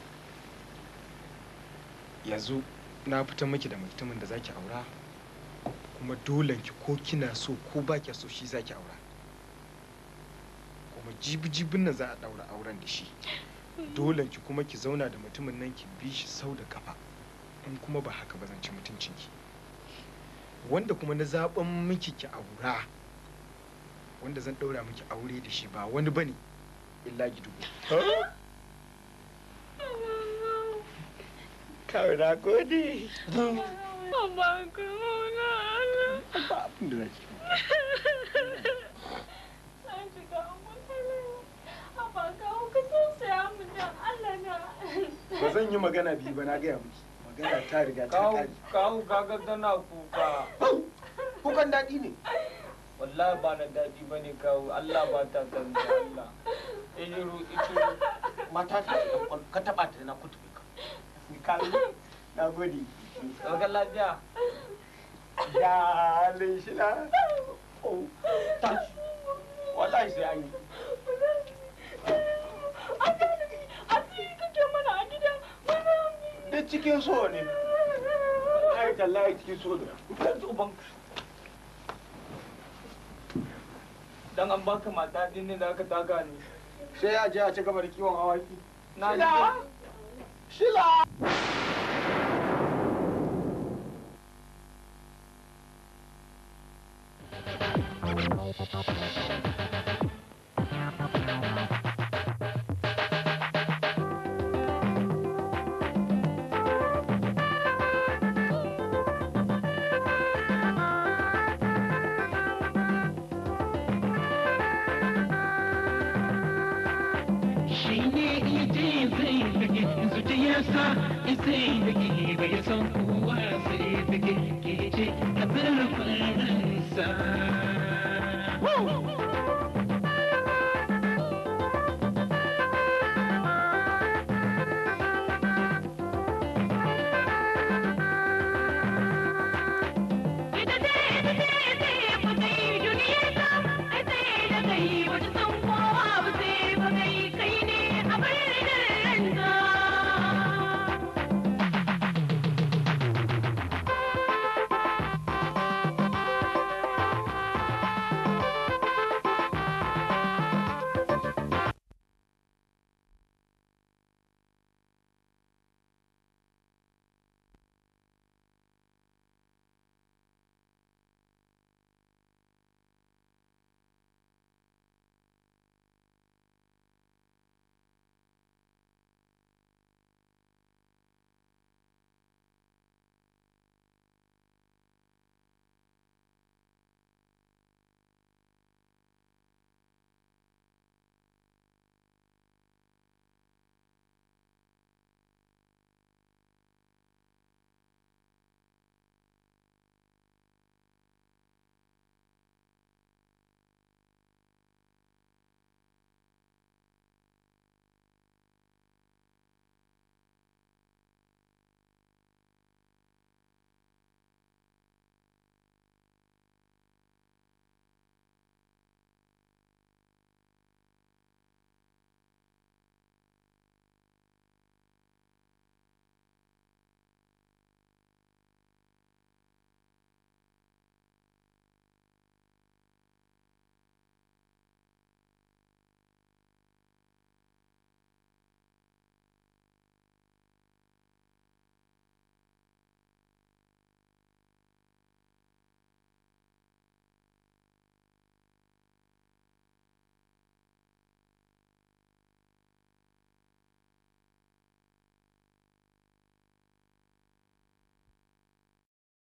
yanzu na fitan miki da mutumin da zaki aura kuma dolen ki ko kina so ko ba so shi zaki aura kuma jibi-jibin nan za a daura auren da shi dolen ki kuma ki zauna da mutumin nan ki bi shi sau da kafa in kuma ba haka ba zan ci ki? wanda kuma na zaɓin miki ki aura wanda zan ɗaura miki aure da shi ba wani bane illa gidugu kawai na gode ba zan yi magana biyu ba na gaya miki magana ta riga ta kawo tana kuka kukan daɗi ne wallahi ba na daɗi ba ne kawo allah ba ta san da allah mata ta ka taɓa ta na ka ni na gode lafiya ya halin shi na tashi wallahi sai an yi cikin so ne ai tallahi cikin so ne kan uban dan an baka mata din ne da aka taka ne sai ya je a ci gaba da kiwon awaki na shila shila